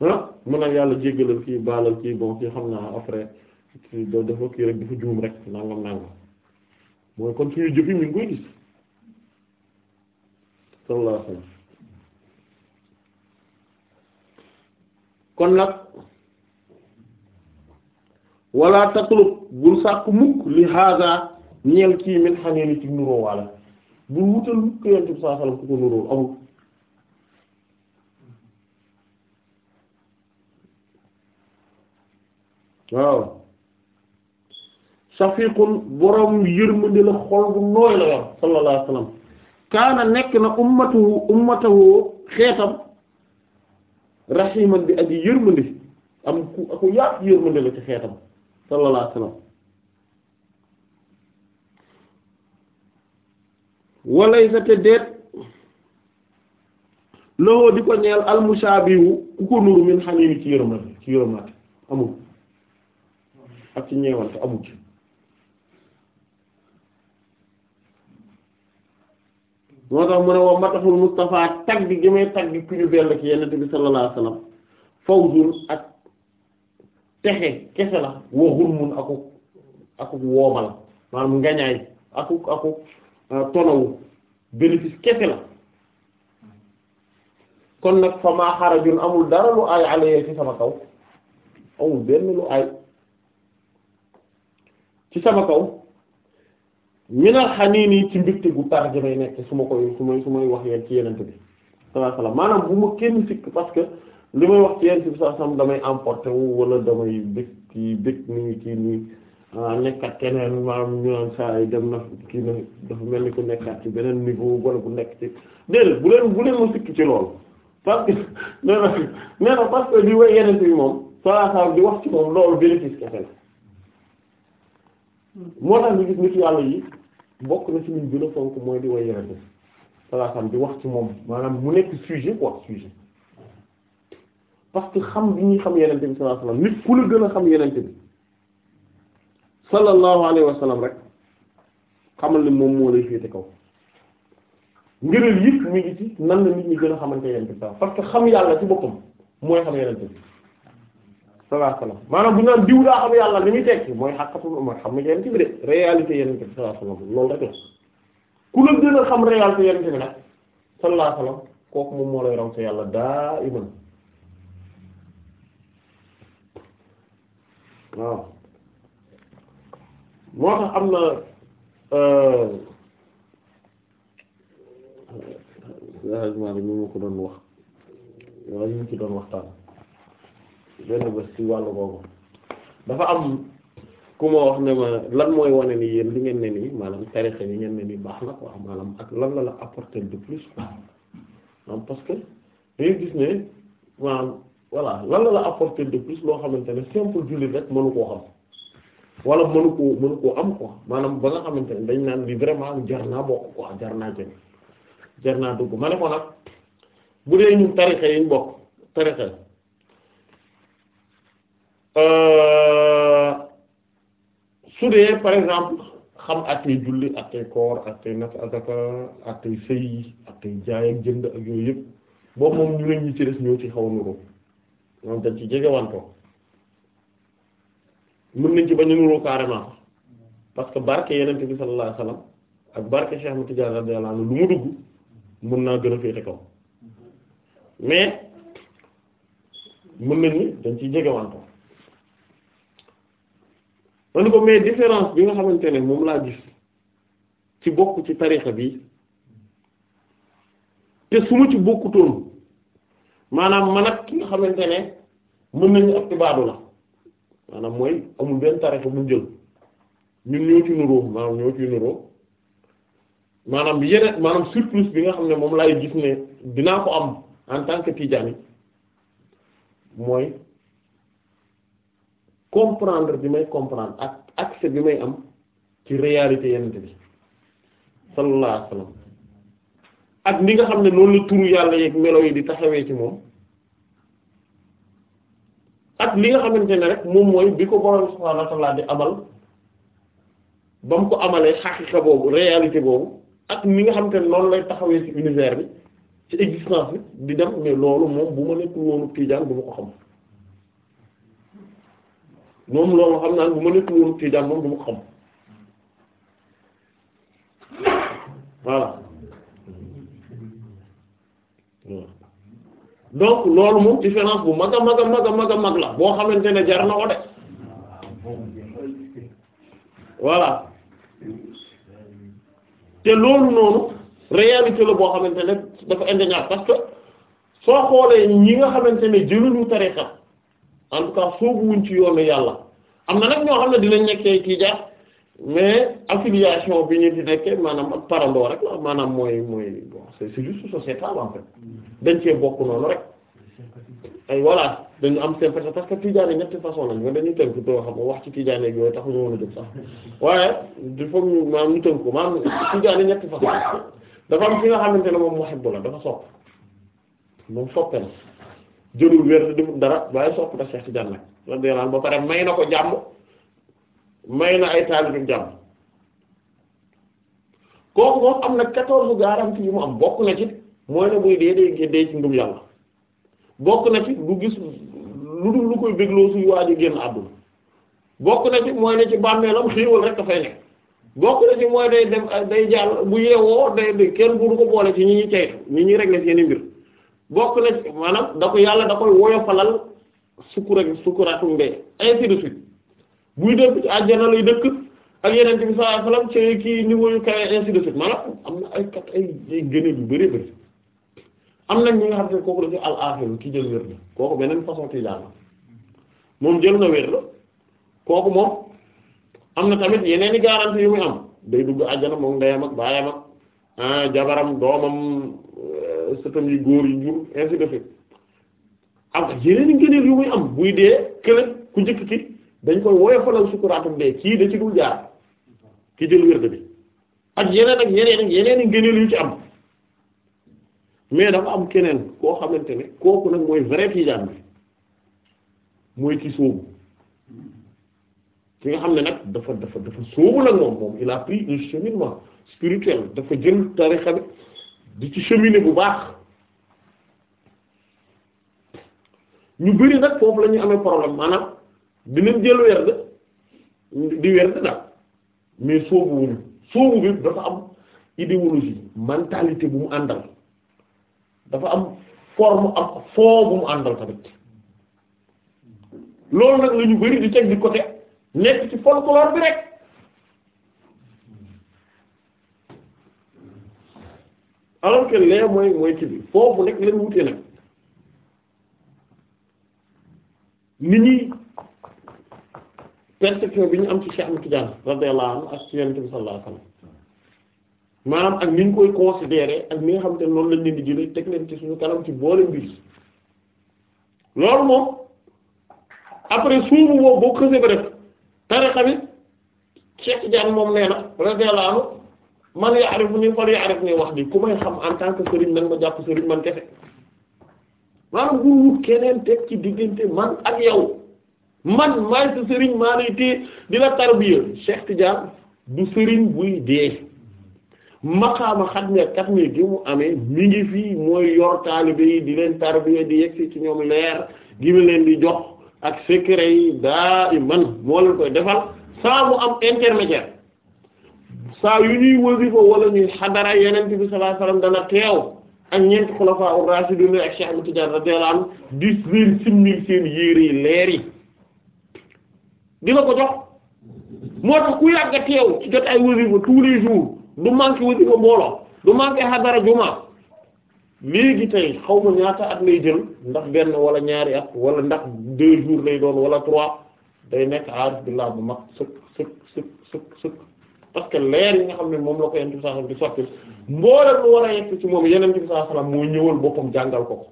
ah mun nag yàlla jéggalal kii baalal kii bon kii xam naa après dafa kii rek dafa juum rek nangam nangam mooy kon suñu jëf yi mi koy gis sallallahu alayhi wasallam kon nag wala bul sàkk mukk li ñeel kii min xamee ni ci nuroo bu wutal ko yonent bi ku ko nuroo amul waaw safiqun borom yërmande la xol nooy la yor sallallahu alayhi kaana nekk na ummatuhu ummatahu xeetam raximan bi aji yërmande am ku aku yaat yërmande la ci xeetam sallallahu alayhi walay sa te déet di ko ñeel almushaabihu ku ko nuru min xamimi ci yërëmaat ci yërëmaat amul ak ci ñeewante amul ci moo tax mu ne wa mataxul Mustafa tagg gi may tagg ku ñu bell ci yenente bi sallallahu wasallam fawzul ak texe kese la wa hurmun akuk akuk woomal maanaam ngañaay akuk akuk Euh, tonawu bénéfice kese la kon nag fa maa xarajun amul dara lu aay alayee ci sama kaw amul benn lu aay ci sama kaw minal xaniini ci mbégte gu tar jamay nekk su ma koy su may su may wax yeen ci yenente bi sallallahu alayhi maanaam bu ma kenn sikk parce que li may wax ci yenente bi sallallahu alayhi damay emporté wu wala damay bég ci bég ni ci nii nekkat keneen maam ñu naan saa yi dem na kii na dafa mel ni ku nekkaat ci beneen niveau wala bu nekk ci déedéet bu leen bu leen ma sikk ci loolu parce que nee na nee na parce que di way wax ci moom loolu bénéfice kese moo tax yi bokk na ci ñu gën a fonk mooy di way yeneen bi salaasaam di wax ci moom maanaam mu nekk sujet quoi sujet parce que xam bi ñuy xam yeneen bi salaasaam nit ku la gën a xam yeneen bi sallallahu alayhi wa sallam rek xamal ne moom moo lay féete kaw ngëneel yëpp mi ngi ci nan la nit ñi gën a xamante yenente bi parce que xam yàlla ci boppam mooy xam yenente bi sallallahu alayhi wa sallam bu ñu naan diw daa xam yàlla li muy tekki mooy xàqatul mooy xam yenente bi de réalité yenente bi sallallahu alayhi wa sallam rek la ku la gën xam réalité yenente bi nag sallallahu alayhi wa kooku moom moo lay raw sa yàlla daa iman waaw moo tax am na heureusement bi ñu ma ko doon wax waaw ñu ci doon waxtaan benn bés ci wàllu boobu dafa am ku ma ne ma lan mooy wane ni yéen li ngeen ne nii maanaam tarixa yi ngeen ne nii baax na quoi maanaam ak lan la la apporter de plus quoi maanaam gis ne maanaam voilà lan la la apporter de plus loo xamante ne simple jullit rek mënu koo xam wala mënu koo mënu koo am quoi maanaam ba nga xamante ne dañ naan li vraiment jar naa bokk quoi jar naa jëm jar naa dugg ma ne nag bu dee ñun tarixa yi ñu bokk tarixa euh, su dee par exemple xam attey julli attey koor attey nat azaka attey sëy attey jaay ak jënd ak yooyu yëpp boobu moom ñu ne ñu ci des ñoo ci xaw a nuroo moom dañ ci jegewantoo mën nañ ci bañ a nuroo carrément parce que barke yenente bi sallallahu alayhi wasallam ak barke Cheikh Ahmad Tidiane radiyallahu lu mu dugg mën naa gën a féete kaw mais mën nañ ni dañ ciy jegewante man ko mais différence bi nga xamante ne moom laa gis ci bokk ci tarixa bi te su ma ci bokkutoon maanaam man ak ki nga xamante ne mën nañu ab ibaadu la maanaam mooy amul benn tarixa bu jël ñun ñoo ci nuróo maanaam ñoo ci nuróo maanaam yeneen maanaam surplus bi nga xam ne moom laay gis ne dinaa ko am en tant que tijaani mooy comprendre bi may comprendre ak accès bi may am ci réalité yenente bi sallallahu alayhi wasallam ak ni nga xam ne noonu la turu yàlla yeeg melo yi di taxawee ci moom ak li nga xamante ne rek moom mooy bi ko borom subhaanahu wa di amal ba mu ko amalee xaqiqa boobu réalité boobu ak ni nga xamante ne noonu lay taxawee ci univers bi ci existence bi di dem mais loolu moom bu ma nekkul woonu tiijaan du ma ko xam moom loolu xam naa bu ma nekkul woonu tiijaan moom du ma ko xam voilà donc loolu moom différence bu mag a mag a mag a mag la boo xamante ne jar na de voilà te loolu noonu réalité la boo xamante ne dafa indéniable parce que soo xoolee ñi nga xamante ne jëluñu tarixa en tout cas wuñ ci yoonu yàlla am na nag ñoo xam ne dinañ nekk ci jaar mais affiliation bi ñu di nekkee maanaam ak parandoo rek la maanaam mooy mooy bon c'est juste sociétal en fait dañ cee bokk noonu rek ay voilà dañu am seen parce que tijaane ñetti façon lañ mais dañu tënk doo xam wax ci tijaane ak yooyu taxuñu woon a jóg sax waaye il faut ñu maanaam ñu tënk ko maanaam tijaane ñetti façon dafa am fi nga xamante ne moom muhibbu la dafa sopp moom soppe na jëlul di defut dara waaye sopp na Cheikh Tidiane nag radiyallahu ba pare may na ko jàmm may na ay taalibe jàmm kooku moom am na quatorze garanties yu mu am bokk na ci mooy ne buy dee dee na ci du gis lu dul lu koy bégloo suy waaj a génn na ci mooy ne ci bàmmeelam xiiwal rek dafay nekk bokk na ci mooy day dem day jàll bu yeewoo day day kenn bu du ko boole ci ñi ñuy ceytu ñi ñuy régler seeni mbir bokk na ci maanaam da ko yàlla da koy woyofalal sukkur ak sukkuraatu mbéy ainsi de suite buy dëkk ci àjjana lay dëkk ak yeneen bi sallallahu alayhi ci kii niveau yu kawe ainsi de suite maanaam am na ay kat ay ay yu bari bari am nañ ñi nga xam ne kooku dafa al aaxiru ki jël wér la kooku beneen façon tijaan moom jël na wér la kooku moom am na tamit yeneen i garantie yu muy am day dugg àjjana moom ndeyam ak baayam ak ah, jabaram doomam euh, sëtam yu góor yu jur ainsi de suite am yeneen i gëneel yu muy am buy dee kële ku jëkk ki dañ koy woyofalal sukuraatum dee kii da ci dul jaar ki jël wird bi ak yeneen ak yeneen ak yeneen i ngëneel yu ci am mais dafa am keneen koo xamante ne kooku nag mooy vrai tijaan bi mooy ki sóobu ki nga xam ne nag dafa dafa dafa sóobu nag moom moom il a pris un cheminement spirituel dafa jël tarixa bi di ci cheminer bu baax ñu bari nag foofu la ñu amee problème maanaam dinañ jël werd di werd daal mais soobu wuñu soobu bi dafa am idéologie mentalité bu mu àndal dafa am forme ak fond bu mu àndal tamit loolu nag la ñu bari di teg di côté nekk ci folklore bi rek alors que lee mooy mooy ci foofu nekk leen wutee nag nit ñi perception bi ñu am ci Cheikh Ahmed Tidiane radiyallahu anhu ak ci Yonent bi sallallahu alayhi wasallam maanaam ak ni ñu koy considérer ak ni nga xam te noonu lañ leen di jëlee teg leen ci suñu kanam ci boole mbir loolu moom après suubu boobu boo xësee ba def tariqa bi Cheikh Tidiane moom nee na radiyallahu anhu man ya'rifuni falya'rifni wax di ku may xam en tant que sëriñ nag ma jàpp sëriñ man kese maanaam bu keneen teg ci diggante man ak yow. man maay sa sëriñ maa lay téye di la tarbiya Cheikh Tidiane du sëriñ buy dee maqaama xat me kat me gi mu amee mi ngi fii mooy yor taalibe yi di leen tarbiya di yegsi ci ñoom leer gi mu leen di jox ak secret yi daa iman moo leen koy defal saa mu am intermédiaire saa yu ñuy wasifa wala ñuy xadara yeneen bi sallallahu alayhi wasallam dana teew ak ñeent xulafaa ur-raashidun ak Cheikh Tidiane radiyallahu anhu di leen simmil seen yére yi leer yi dina ko jox moo tax ku yàgg teew ci jot ay wasifa tous les jours du manqué wasifa mbooloo du manqué xadara juma léegi tey xaw ma ñaata at lay jël ndax benn wala ñaari at wala ndax deux jours lay doon wala trois day nekk aarif billah bu mag sëkk sëkk sëkk sëkk sëkk parce que leer yi nga xam ne moom la ko yenent bi di sotti mboolem lu war a yegg ci moom yenent bi sallallahu alayhi wasallam ñëwal boppam jàngal ko ko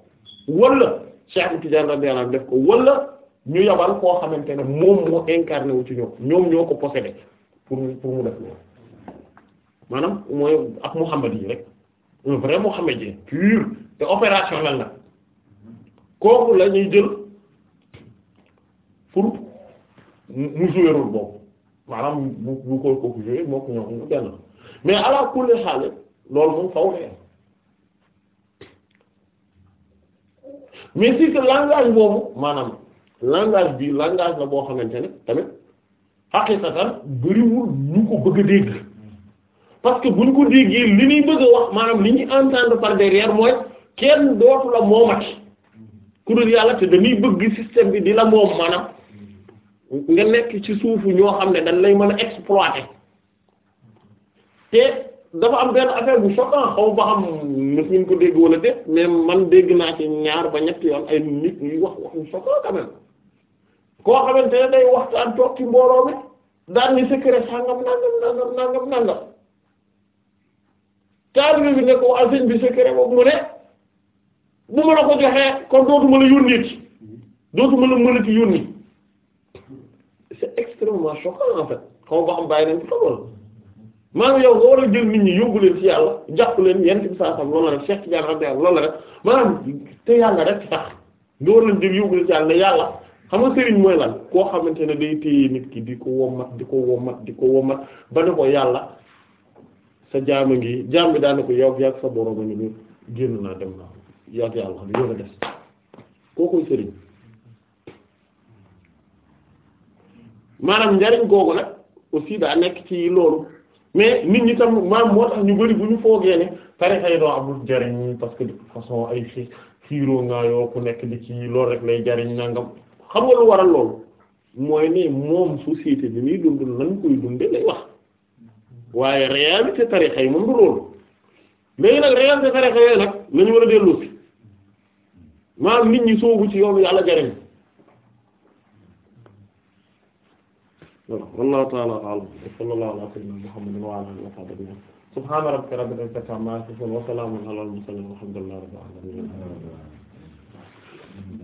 wala Cheikh Tidiane radiyallahu anhu ko wala ñu yabal koo xamante ne moom moo incarné wu ci ñoom ñoom ñoo ko possédé pour pour mu def loolu maanaam mooy ak Muhammad yi rek un vrai Muhammadien pur te opération lan la kooku la ñuy jël pour mu jouer boobu maanaam bu bu ko kooku jouer moo ko ñoo benn mais ala kulli xaal loolu moom faw ne mais si que boobu maanaam langage bii langage la boo xamante ne tamit xaqiqatan bariwul ñu ko bëgg a dégg parce que buñ ko déggee li ñuy bëgg a wax maanaam li ñuy entendre par derrière mooy kenn dootu la moomati ku dul yàlla te dañuy bëgg système bi di la moom maanaam nga nekk ci suufu ñoo xam ne dañ lay mën a exploiter te dafa am benn affaire bu choquant xaw ba xam mës ngeen ko dégg wala déet mais man dégg naa ci ñaar ba ñett yoon ay nit ñuy wax wax bu choquant quand koo xamante ne day waxtaan toog ci mbooloo mi daan ni secret sàngam nangam nangam nangam nangam taalibe bi ne ko waa bi secret boobu mu ne bu ma la ko joxee kon dootuma la yónni ci dootuma la mënati yónni c'est extrêmement choquant en ba xam bàyyi nañ ko xamal maanaam yow nga war a jël nit ñi yóbbu leen ci yàlla jàpp leen yent bi saa sam loolu la rek Cheikh Tidiane radiyallahu loolu la rek maanaam te yàlla rek sax nga war leen jël yóbbu leen ci yàlla yàlla xam nga sëriñ mooy lan koo xamante ne day téye nit ki di ko womat di ko womat di ko womat ba ne ko yàlla sa jaam a ngi jaam bi daane ko yow yàgg sa borom a ngi génn naa dem naa yàgg yàlla xam yow njariñ googu daa nekk ci loolu mais nit ñi tam maam moo tax ñu bari bu ñu foogee ne tarixa yi doo amul njariñ parce que de façon ay xii xiiroo nga yoo ku nekk di ci loolu rek lay jariñ nangam xam nga lu waral loolu mooy ni moom société bi muy dund nan koy dunde lay wax waaye réalité tarixa yi moom du loolu léegi nag réalité tarixa yooyu nag la ñu war a dellu si maanaam nit ñi soobu ci yoonu yàlla jariñ wallahu ta'ala a'lam wa sallallahu ala sayyidina muhammadin wa ala alihi wa sahbihi ajma'in subhana rabbika